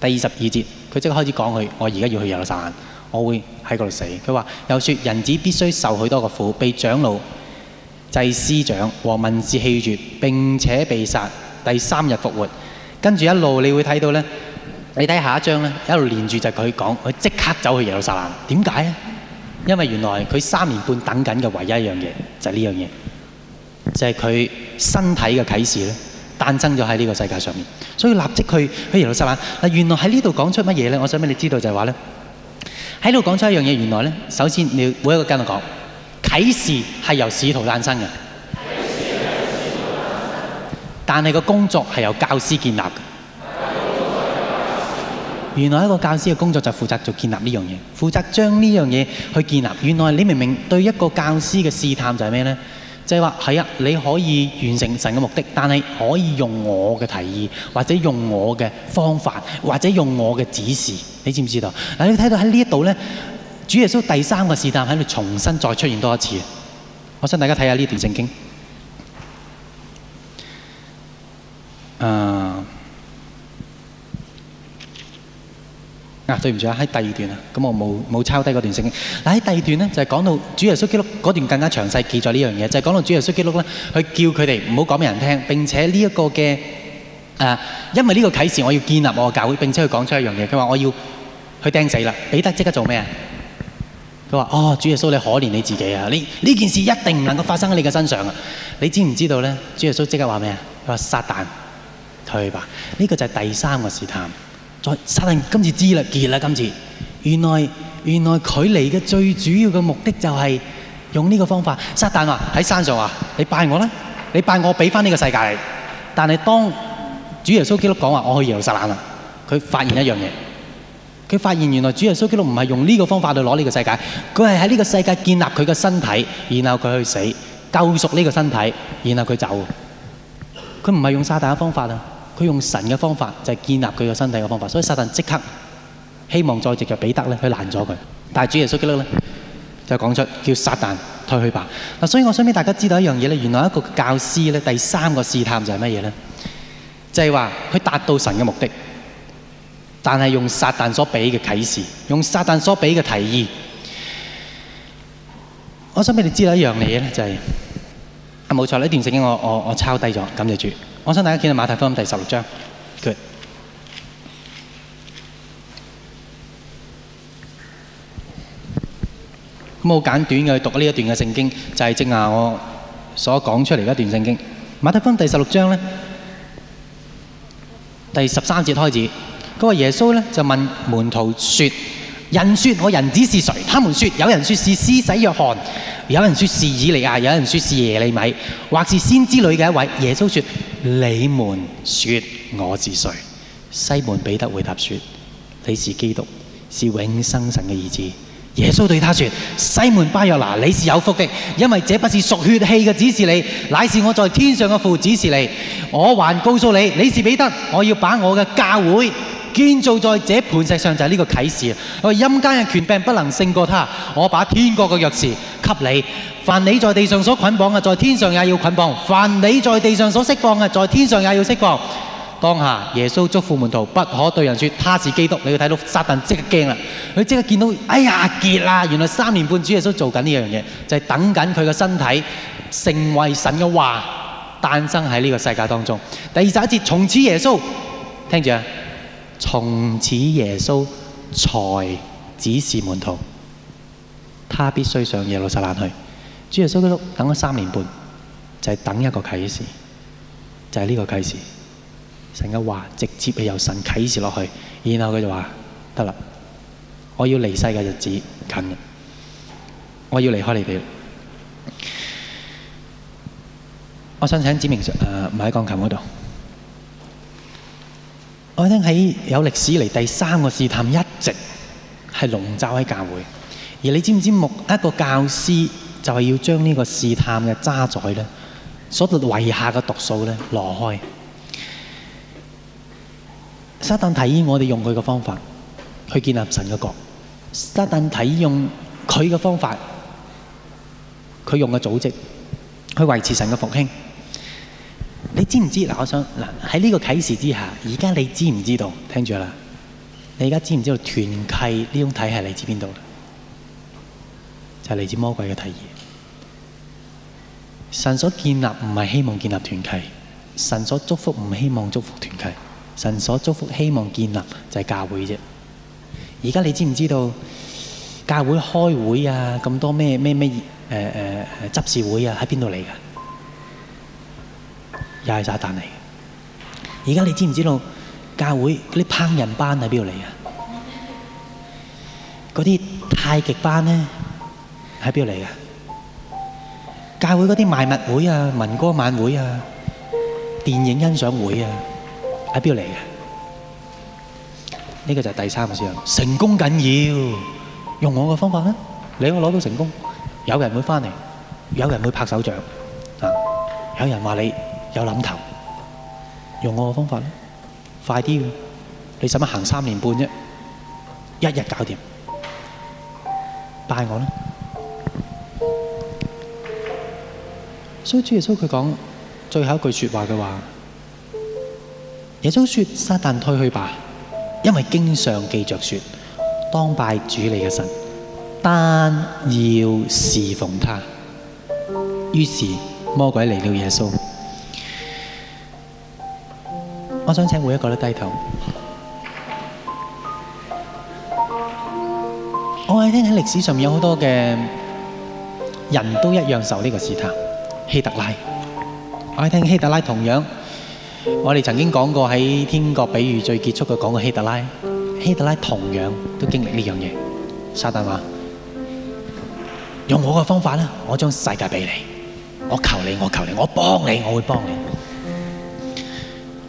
[SPEAKER 1] 第二十二節，佢即刻開始講佢：我而家要去耶路撒冷，我會喺嗰度死。佢話又說人子必須受許多嘅苦，被長老，第司長和文士棄絕，並且被殺。第三日復活，跟住一路你會睇到呢。你睇下一章呢，一路連住就佢講，佢即刻走去耶路撒冷。點解呢？因為原來佢三年半等緊嘅唯一一樣嘢就係呢樣嘢，就係佢身體嘅啟示咧，誕生咗喺呢個世界上面。所以立即去去耶路撒冷。嗱，原來喺呢度講出乜嘢呢？我想俾你知道就係話呢，喺度講出一樣嘢。原來呢，首先你每一個跟我講。啟示係由使徒誕生嘅，但係個工作係由教師建立。原來一個教師嘅工作就負責做建立呢樣嘢，負責將呢樣嘢去建立。原來你明明對一個教師嘅試探就係咩呢？就係話係啊，你可以完成神嘅目的，但係可以用我嘅提議，或者用我嘅方法，或者用我嘅指示。你知唔知道？嗱，你睇到喺呢一度呢。主耶穌第三個試探喺度重新再出現多一次，我想大家睇下呢段聖經。Uh, 啊，對唔住啊，喺第二段啊，咁我冇冇抄低嗰段聖經。嗱喺第二段呢，就係、是、講到主耶穌記錄嗰段更加詳細記載呢樣嘢，就係、是、講到主耶穌基督咧，去叫佢哋唔好講俾人聽，並且呢一個嘅啊，因為呢個啟示我要建立我嘅教會，並且佢講出一樣嘢。佢話我要去釘死啦，彼得即刻做咩啊？佢話：哦，主耶穌，你可憐你自己啊！你呢件事一定唔能夠發生喺你嘅身上啊！你知唔知道呢？主耶穌即刻話咩？佢話：撒旦，退吧！呢、這個就係第三個試探。再撒旦今次知今次了結了今次。原來原來佢嚟嘅最主要嘅目的就係用呢個方法。撒旦啊，喺山上啊，你拜我啦，你拜我，俾翻呢個世界。但係當主耶穌基督講話，我去耶路撒冷了，佢發現一樣嘢。佢發現原來主耶穌基督唔係用呢個方法去攞呢個世界，佢係喺呢個世界建立佢嘅身體，然後佢去死，救贖呢個身體，然後佢走。佢唔係用撒旦嘅方法啊，佢用神嘅方法就係建立佢嘅身體嘅方法。所以撒旦即刻希望再藉著彼得去佢攔咗佢。但係主耶穌基督呢就講出叫撒旦退去吧。所以我想畀大家知道一樣嘢，原來一個教師第三個試探就係乜嘢呢？就係話佢達到神嘅目的。但係用撒但所俾嘅啟示，用撒但所俾嘅提議，我想俾你知道一樣嘅嘢咧，就係冇錯呢一段聖經，我我我抄低咗，感謝主。我想大家見到馬太福音第十六章，good。咁好簡短嘅讀呢一段嘅聖經，就係正話我所講出嚟嘅一段聖經。馬太福音第十六章咧，第十三節開始。佢話耶穌咧就問門徒說：人說我人子是誰？他們說有人說是施洗約翰，有人說是以利亞，有人說是耶利米，或是先知裏嘅一位。耶穌說：你們說我是誰？西門彼得回答說：你是基督，是永生神嘅兒子。耶穌對他說：西門巴約拿，你是有福的，因為這不是屬血氣嘅指示你，乃是我在天上嘅父指示你。我還告訴你，你是彼得，我要把我嘅教會建造在這磐石上就係呢個啟示，因為陰間嘅權柄不能勝過他。我把天國嘅鑰匙給你。凡你在地上所捆綁嘅，在天上也要捆綁；凡你在地上所釋放嘅，在天上也要釋放。當下耶穌囑咐門徒，不可對人說他是基督。你睇到撒旦即刻驚啦！佢即刻見到，哎呀結啦！原來三年半，主耶穌做緊呢樣嘢，就係、是、等緊佢嘅身體成為神嘅話誕生喺呢個世界當中。第二十一節，從此耶穌聽住啊！從此耶穌才指示門徒，他必須上耶路撒冷去。主耶穌基督等咗三年半，就係、是、等一個啟示，就是呢個啟示。神嘅話直接係由神啟示落去，然後佢就話：得啦，我要離世嘅日子近，我要離開你哋。我想請子明上誒，唔係鋼琴嗰度。我聽起有歷史以嚟第三個試探，一直係籠罩喺教會。而你知唔知木一個教師就係要將呢個試探嘅渣滓所得遺下嘅毒素咧，攞開。撒旦提議我哋用佢嘅方法去建立神嘅國。撒旦提議用佢嘅方法，佢用嘅組織去維持神嘅復興。你知唔知道我想喺呢個啟示之下，而家你知唔知道？聽住啦，你而家知唔知道團契呢種體系嚟自邊度？就係嚟自魔鬼嘅提議。神所建立唔係希望建立團契，神所祝福唔希望祝福團契，神所祝福希望建立就係教會啫。而家你知唔知道？教會開會啊，咁多咩咩咩誒誒執事會啊，喺邊度嚟噶？又係撒旦嚟嘅。而家你知唔知道教會嗰啲烹飪班喺邊度嚟嘅？嗰啲太極班呢喺邊度嚟嘅？教會嗰啲賣物會啊、民歌晚會啊、電影欣賞會啊，喺邊度嚟嘅？呢、呢個就係第三個思想，成功緊要。用我個方法咧，你如果攞到成功，有人會返嚟，有人會拍手掌，有人話你。有諗頭，用我嘅方法，快啲，你使乜行三年半啫？一日搞掂，拜我啦。所以主耶穌佢講最後一句說話嘅話，耶穌說：撒旦退去吧，因為經常記着說，當拜主你嘅神，但要侍奉他。於是魔鬼離了耶穌。我想請每一個都低頭。我係聽喺歷史上面有好多嘅人都一樣受呢個試探，希特拉。我係聽希特拉同樣，我哋曾經講過喺天國比喻最結束嘅講過希特拉，希特拉同樣都經歷呢樣嘢。撒旦話：用我嘅方法咧，我將世界俾你。我求你，我求你，我幫你，我會幫你。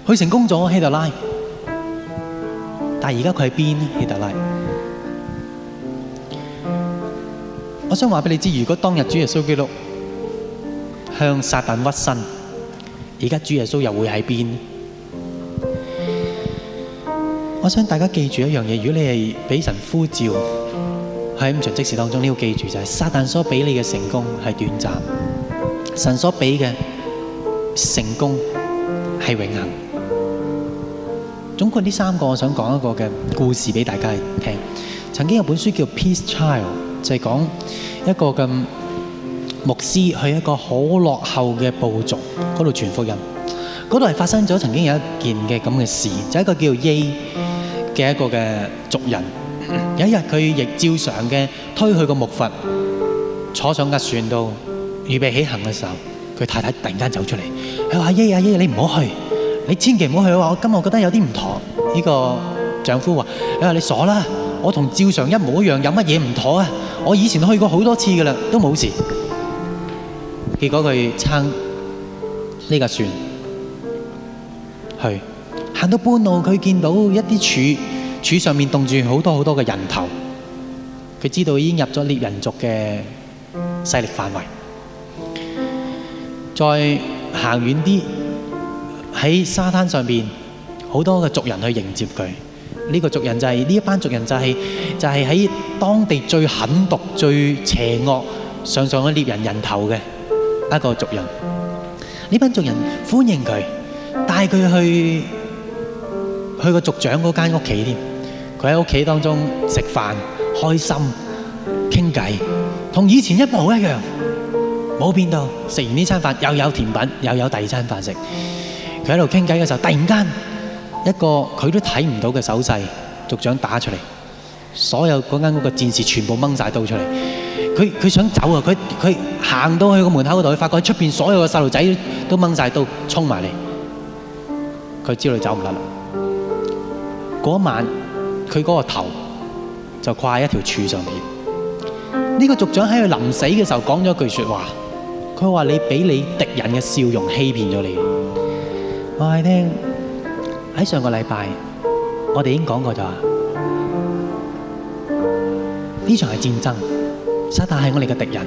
[SPEAKER 1] 佢成功咗希特拉，但係而家佢喺邊呢？希特拉？我想話俾你知，如果當日主耶穌基督向撒旦屈身，而家主耶穌又會喺邊？我想大家記住一樣嘢，如果你係俾神呼召喺五旬職事當中，你要記住就係、是、撒旦所俾你嘅成功係短暫，神所俾嘅成功係永恆。總括呢三個，我想講一個嘅故事俾大家聽。曾經有本書叫《Peace Child》，就係講一個嘅牧師去一個好落後嘅部族嗰度傳福音。嗰度係發生咗曾經有一件嘅咁嘅事，就係一個叫耶嘅一個嘅族人。有一日佢亦照常嘅推佢個木筏，坐上厄船度，預備起行嘅時候，佢太太突然間走出嚟，佢話：耶啊耶，你唔好去。你千祈唔好去，我今日覺得有啲唔妥。呢個丈夫話：「你話你傻啦，我同照常一模一樣，有乜嘢唔妥啊？我以前都去過好多次㗎啦，都冇事。結果佢撐呢架船去，行到半路，佢見到一啲柱柱上面棟住好多好多嘅人頭。佢知道已經入咗獵人族嘅勢力範圍。再行遠啲。喺沙灘上邊好多嘅族人去迎接佢。呢、這個族人就係呢一班族人就係、係、就係、係、喺當地最狠毒、最邪惡、上上嘅獵人人頭嘅一個族人。呢班族人歡迎佢，帶佢去去個族長嗰間屋企添。佢喺屋企當中食飯，開心傾偈，同以前一模一樣，冇變到。食完呢餐飯又有甜品，又有第二餐飯食。佢喺度傾偈嘅時候，突然間一個佢都睇唔到嘅手勢，族長打出嚟，所有嗰間屋嘅戰士全部掹晒刀出嚟。佢佢想走啊！佢佢行到去個門口嗰度，佢發覺出邊所有嘅細路仔都掹晒刀衝埋嚟，佢知道你走唔甩啦。嗰晚佢嗰個頭就掛喺一條柱上邊。呢個族長喺佢臨死嘅時候講咗一句說話，佢話：你俾你敵人嘅笑容欺騙咗你。我喺聽喺上個禮拜，我哋已經講過咗，呢場係戰爭，撒但係我哋嘅敵人。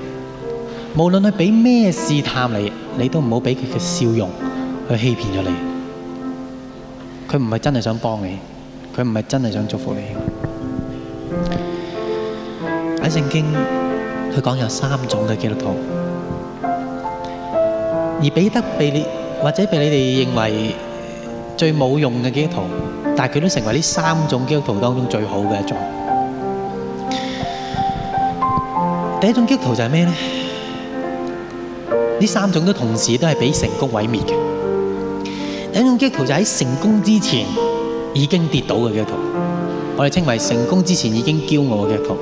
[SPEAKER 1] 無論佢俾咩試探你，你都唔好俾佢嘅笑容去欺騙咗你。佢唔係真係想幫你，佢唔係真係想祝福你。喺聖經佢講有三種嘅基督徒，而彼得被你。或者被你哋認為最冇用嘅基督徒，但係佢都成為呢三種基督徒當中最好嘅一種。第一種基督徒就係咩咧？呢三種都同時都係俾成功毀滅嘅。第一種基督徒就喺成功之前已經跌倒嘅基督徒，我哋稱為成功之前已經驕傲嘅基督徒。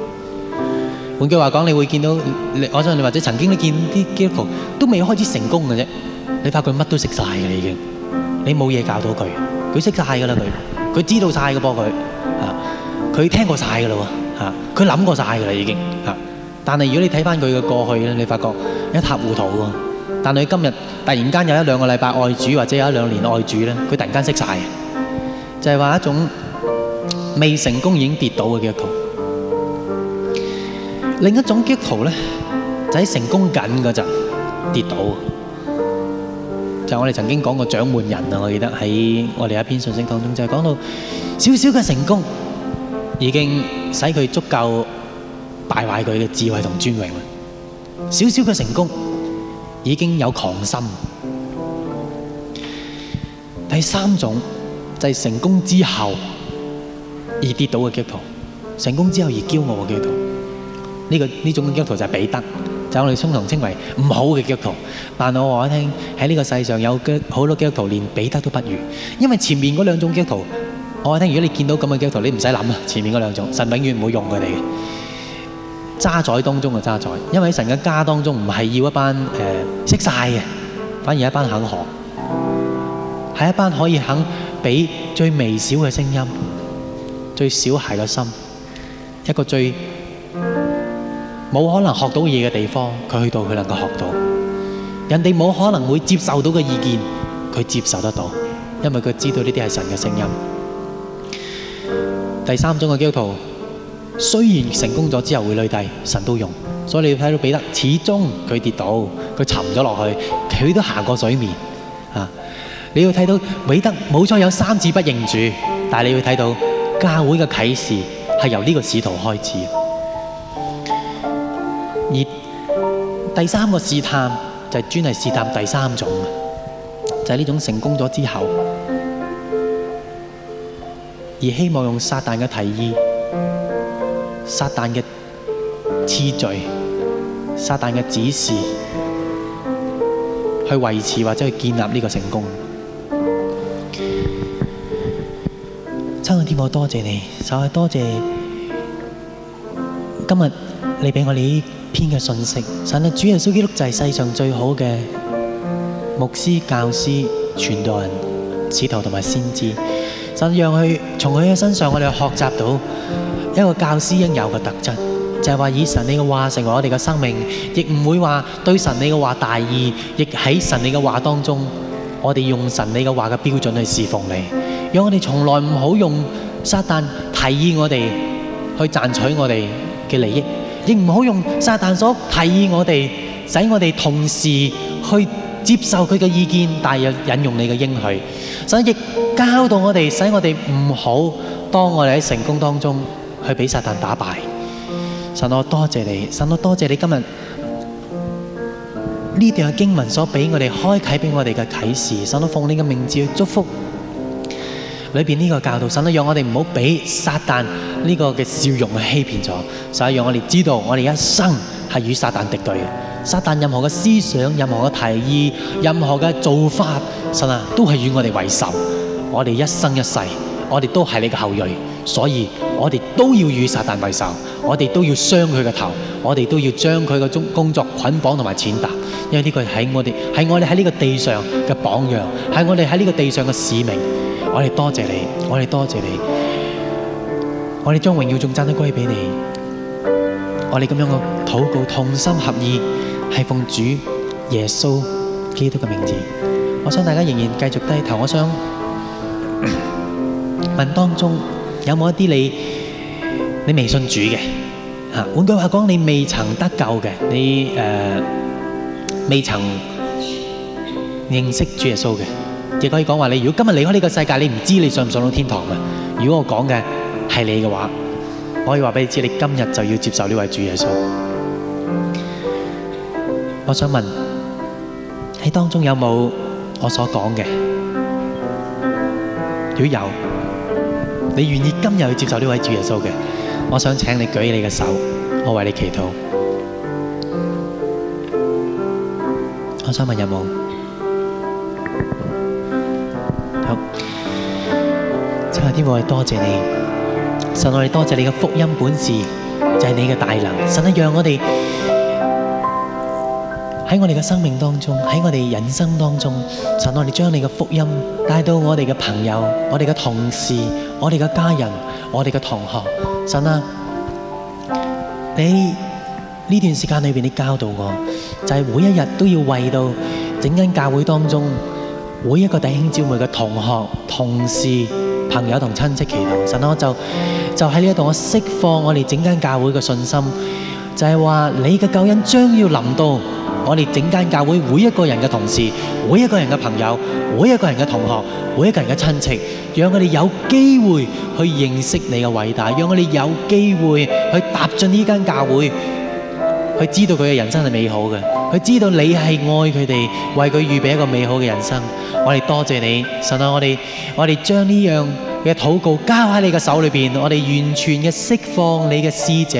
[SPEAKER 1] 換句話講，你會見到，我相信你或者曾經都見啲基督徒都未開始成功嘅啫。你發覺乜都識晒嘅啦已經，你冇嘢教到佢，佢識晒嘅啦佢，佢知道曬嘅噃佢，嚇佢聽過晒嘅啦喎，佢諗過晒嘅啦已經，嚇。但係如果你睇翻佢嘅過去咧，你發覺一塌糊塗喎。但係佢今日突然間有一兩個禮拜愛主，或者有一兩年愛主咧，佢突然間識晒嘅，就係話一種未成功已經跌倒嘅基督徒。另一種基督徒咧，就喺成功緊嗰陣跌倒。就係我哋曾經講過掌門人啊，我記得喺我哋一篇信息當中，就係、是、講到少少嘅成功已經使佢足夠敗壞佢嘅智慧同尊榮啦。少少嘅成功已經有狂心。第三種就係、是、成功之後而跌倒嘅激徒，成功之後而驕傲嘅激徒。呢個呢種嘅激徒就係彼得。就我哋通常稱為唔好嘅基督徒，但我話聽喺呢個世上有好多基督徒連彼得都不如，因為前面嗰兩種基督徒，我話聽如果你見到咁嘅基督徒，你唔使諗啦，前面嗰兩種神永遠唔會用佢哋嘅。渣滓當中嘅渣滓，因為喺神嘅家當中唔係要一班誒、呃、識晒嘅，反而一班肯學，係一班可以肯俾最微小嘅聲音、最小孩嘅心、一個最。冇可能學到嘢嘅地方，佢去到佢能夠學到；人哋冇可能會接受到嘅意見，佢接受得到，因為佢知道呢啲係神嘅聲音。第三種嘅基督徒，雖然成功咗之後會累低，神都用，所以你要睇到彼得始終佢跌倒，佢沉咗落去，佢都行過水面啊！你要睇到彼得冇錯有三次不認主，但係你要睇到教會嘅啟示係由呢個使徒開始。第三個試探就係、是、專係試探第三種，就係、是、呢種成功咗之後，而希望用撒旦嘅提議、撒旦嘅次序、撒旦嘅指示去維持或者去建立呢個成功。親愛的天父，多謝你，神啊，多謝今日你畀我哋天嘅信息，神啊，主耶穌基督就係世上最好嘅牧師、教師、傳道人、使徒同埋先知，神讓佢從佢嘅身上，我哋學習到一個教師應有嘅特質，就係話以神你嘅話成為我哋嘅生命，亦唔會話對神你嘅話大意，亦喺神你嘅話當中，我哋用神你嘅話嘅標準去侍奉你，讓我哋從來唔好用撒旦提議我哋去賺取我哋嘅利益。亦唔好用撒旦所提議我哋，使我哋同時去接受佢嘅意見，但係又引用你嘅應許，所以亦教導我哋，使我哋唔好當我哋喺成功當中去俾撒旦打敗。神我多謝你，神我多謝你今日呢段嘅經文所俾我哋開啟俾我哋嘅啟示。神我奉你嘅名字去祝福。裏面呢個教導神啊，讓我哋唔好俾撒旦呢個嘅笑容欺騙咗，就係、啊、讓我哋知道我哋一生係與撒旦敵對嘅。撒旦任何嘅思想、任何嘅提議、任何嘅做法，神啊，都係與我哋為仇。我哋一生一世，我哋都係你嘅後裔，所以我哋都要與撒旦為仇，我哋都要傷佢嘅頭，我哋都要將佢嘅中工作捆綁同埋踐踏。因為呢個係我哋係我哋喺呢個地上嘅榜樣，係我哋喺呢個地上嘅使命，我哋多謝你，我哋多謝你，我哋將榮耀仲爭得歸俾你。我哋咁樣嘅禱告同心合意，係奉主耶穌基督嘅名字。我想大家仍然繼續低頭，我想問當中有冇一啲你你未信主嘅吓？換句話講，你未曾得救嘅，你誒。未曾認識主耶穌嘅，亦可以講話你如果你今日離開呢個世界，你唔知你上唔上到天堂嘛？如果我講嘅係你嘅話，我可以話俾你知，你今日就要接受呢位主耶穌。我想問喺當中有冇我所講嘅？如果有，你願意今日去接受呢位主耶穌嘅？我想請你舉起你嘅手，我為你祈禱。我想問有冇？好，神啊，天父，多謝你，神啊，多謝你嘅福音本事，就係你嘅大能。神啊，讓我哋喺我哋嘅生命當中，喺我哋人生當中，神啊，你將你嘅福音帶到我哋嘅朋友、我哋嘅同事、我哋嘅家人、我哋嘅同學。神啊，你呢段時間裏邊，你教導我。就係每一日都要為到整間教會當中每一個弟兄姊妹嘅同學、同事、朋友親其同親戚祈禱。神，我就就喺呢一度，我釋放我哋整間教會嘅信心。就係、是、話你嘅救恩將要臨到我哋整間教會每一個人嘅同事、每一個人嘅朋友、每一個人嘅同學、每一個人嘅親戚，讓佢哋有機會去認識你嘅偉大，讓佢哋有機會去踏進呢間教會。佢知道佢嘅人生係美好嘅，佢知道你係愛佢哋，為佢預備一個美好嘅人生。我哋多謝你，神啊！我哋我哋將呢樣嘅禱告交喺你嘅手裏邊，我哋完全嘅釋放你嘅使者、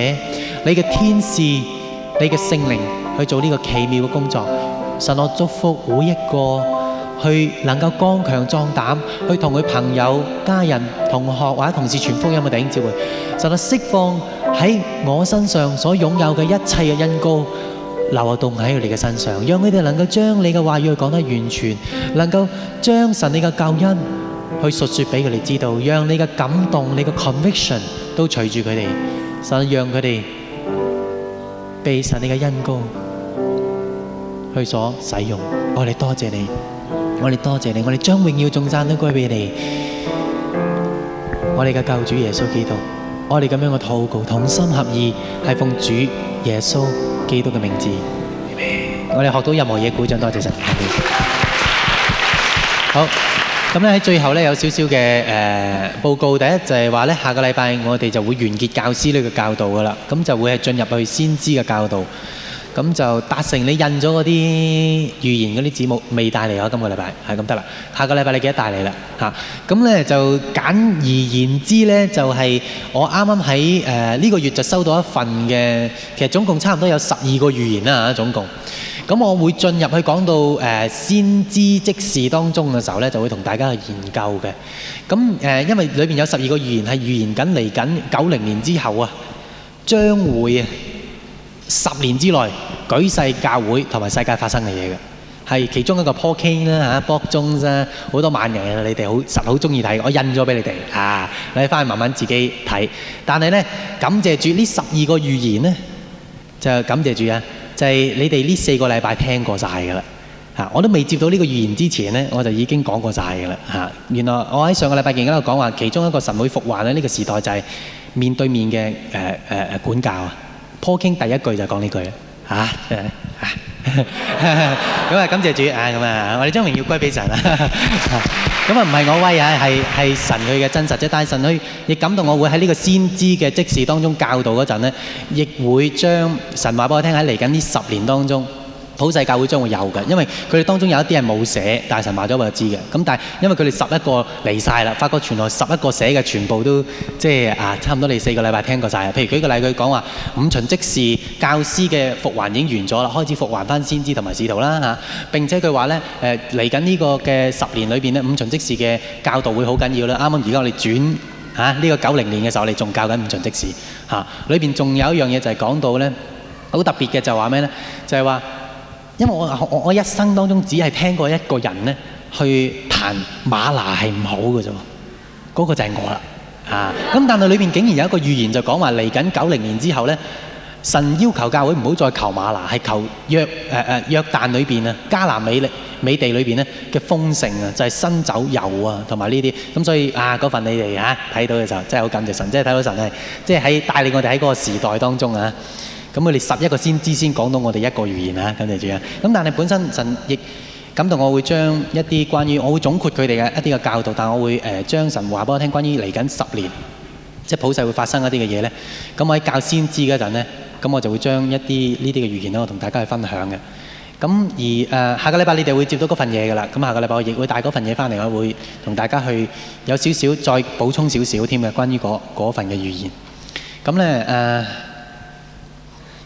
[SPEAKER 1] 你嘅天使、你嘅聖靈去做呢個奇妙嘅工作。神啊，我祝福每一個。去能夠剛強壯膽，去同佢朋友、家人、同學或者同事傳福音嘅弟兄姊妹，就係釋放喺我身上所擁有嘅一切嘅恩膏，流動喺佢哋嘅身上，讓佢哋能夠將你嘅話語去講得完全，能夠將神你嘅救恩去述說俾佢哋知道，讓你嘅感動、你嘅 conviction 都隨住佢哋，神讓佢哋被神你嘅恩膏去所使用。我哋多謝你。我哋多謝你，我哋將榮耀頌讚都歸俾你，我哋嘅救主耶穌基督，我哋咁樣嘅禱告，同心合意，係奉主耶穌基督嘅名字。Amen. 我哋學到任何嘢鼓掌，多謝神。Amen. 好，咁咧喺最後咧有少少嘅誒報告，第一就係話咧下個禮拜我哋就會完結教師呢個教導噶啦，咁就會係進入去先知嘅教導。咁就達成你印咗嗰啲預言嗰啲字幕未帶嚟啊！今個禮拜係咁得啦，下個禮拜你記得帶嚟啦。嚇咁呢就簡而言之呢，就係、誒、我啱啱喺呢個月就收到一份嘅，其實總共差唔多有十二個預言啦嚇，總共。咁我會進入去講到、呃、先知即事當中嘅時候呢，就會同大家去研究嘅。咁、呃、因為裏面有十二個預言係預言緊嚟緊九零年之後啊，將會啊，十年之內，舉世教會同埋世界發生嘅嘢嘅，係其中一個 Paul King 啦嚇，Bob Jones 啦，好多萬人啊！你哋好實好中意睇，我印咗俾你哋啊，你翻去慢慢自己睇。但係咧，感謝主呢十二個預言咧，就感謝主啊，就係你哋呢四個禮拜聽過晒㗎啦嚇。我都未接到呢個預言之前咧，我就已經講過晒㗎啦嚇。原來我喺上個禮拜已經喺度講話，其中一個神會復還咧，呢個時代就係面對面嘅誒誒誒管教啊。Paul King 第一句就講呢句啦嚇，咁啊 感謝主啊啊，我哋將榮耀歸俾神啊。咁啊唔係我威啊，係神佢嘅真實啫。但係神佢亦感動我會喺呢個先知嘅職事當中教導嗰陣咧，亦會將神話俾我聽喺嚟緊呢十年當中。普世教會將會有嘅，因為佢哋當中有一啲係冇寫，大神神話咗我就知嘅。咁但係因為佢哋十一個嚟曬啦，發覺原來十一個寫嘅全部都即係啊，差唔多你四個禮拜聽過曬。譬如舉個例，佢講話五旬職事教師嘅復還已經完咗啦，開始復還翻先知同埋使徒啦嚇。並且佢話咧誒嚟緊呢個嘅十年裏邊咧，五旬職事嘅教導會好緊要啦。啱啱而家我哋轉嚇呢個九零年嘅時候，我哋仲教緊五旬職事嚇。裏邊仲有一樣嘢就係講到咧好特別嘅，就話咩咧？就係話。因為我我，我一生當中只係聽過一個人咧，去談馬拿係唔好嘅啫，嗰、那個就係我啦啊！咁但係裏邊竟然有一個預言就講話嚟緊九零年之後咧，神要求教會唔好再求馬拿，係求約誒誒、呃、約旦裏邊啊，迦南美、美地裏邊咧嘅豐盛啊，就係、是、新酒油啊，同埋呢啲咁，那所以啊，嗰份你哋啊睇到嘅時候，真係好感謝神，即係睇到神係即係喺帶領我哋喺嗰個時代當中啊！咁佢哋十一個先知先講到我哋一個預言啦，感謝主啊。但係本身神亦感動我會將一啲關於，我會總括佢哋嘅一啲嘅教導，但我會誒將神話俾我聽，關於嚟緊十年，即係普世會發生一啲嘅嘢咧。咁我喺教先知嗰陣咧，咁我就會將一啲呢啲嘅預言咧，我同大家去分享嘅。咁而誒下個禮拜你哋會接到嗰份嘢噶啦，咁下個禮拜我亦會帶嗰份嘢翻嚟，我會同大家去有少少再補充少少添嘅，關於嗰份嘅預言。咁咧誒。呃。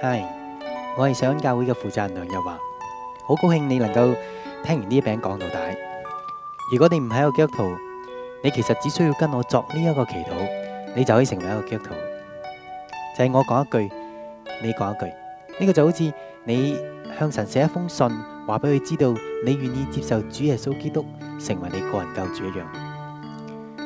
[SPEAKER 1] 係，Hi, 我係上教會嘅負責人梁日華，好高興你能夠聽完呢一餅講到底。如果你唔係一個基督徒，你其實只需要跟我作呢一個祈禱，你就可以成為一個基督徒。就係、是、我講一句，你講一句，呢、這個就好似你向神寫一封信，話俾佢知道你願意接受主耶穌基督成為你個人救主一樣。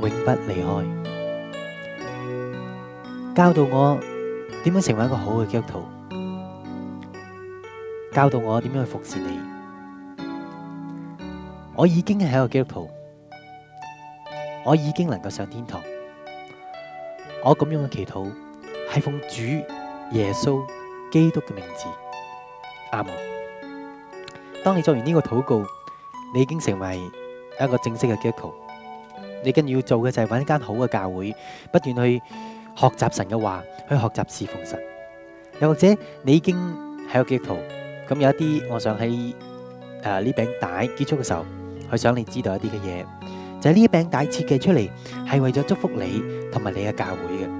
[SPEAKER 1] 永不離開，教導我點樣成為一個好嘅基督徒，教導我點樣去服侍你。我已經係一個基督徒，我已經能夠上天堂。我咁樣嘅祈禱係奉主耶穌基督嘅名字，阿門。當你做完呢個禱告，你已經成為一個正式嘅基督徒。你更要做嘅就係揾一間好嘅教會，不斷去學習神嘅話，去學習侍奉神。又或者你已經係個基督徒，咁有一啲，我想喺誒呢餅帶結束嘅時候，佢想你知道一啲嘅嘢，就係呢餅帶設計出嚟係為咗祝福你同埋你嘅教會嘅。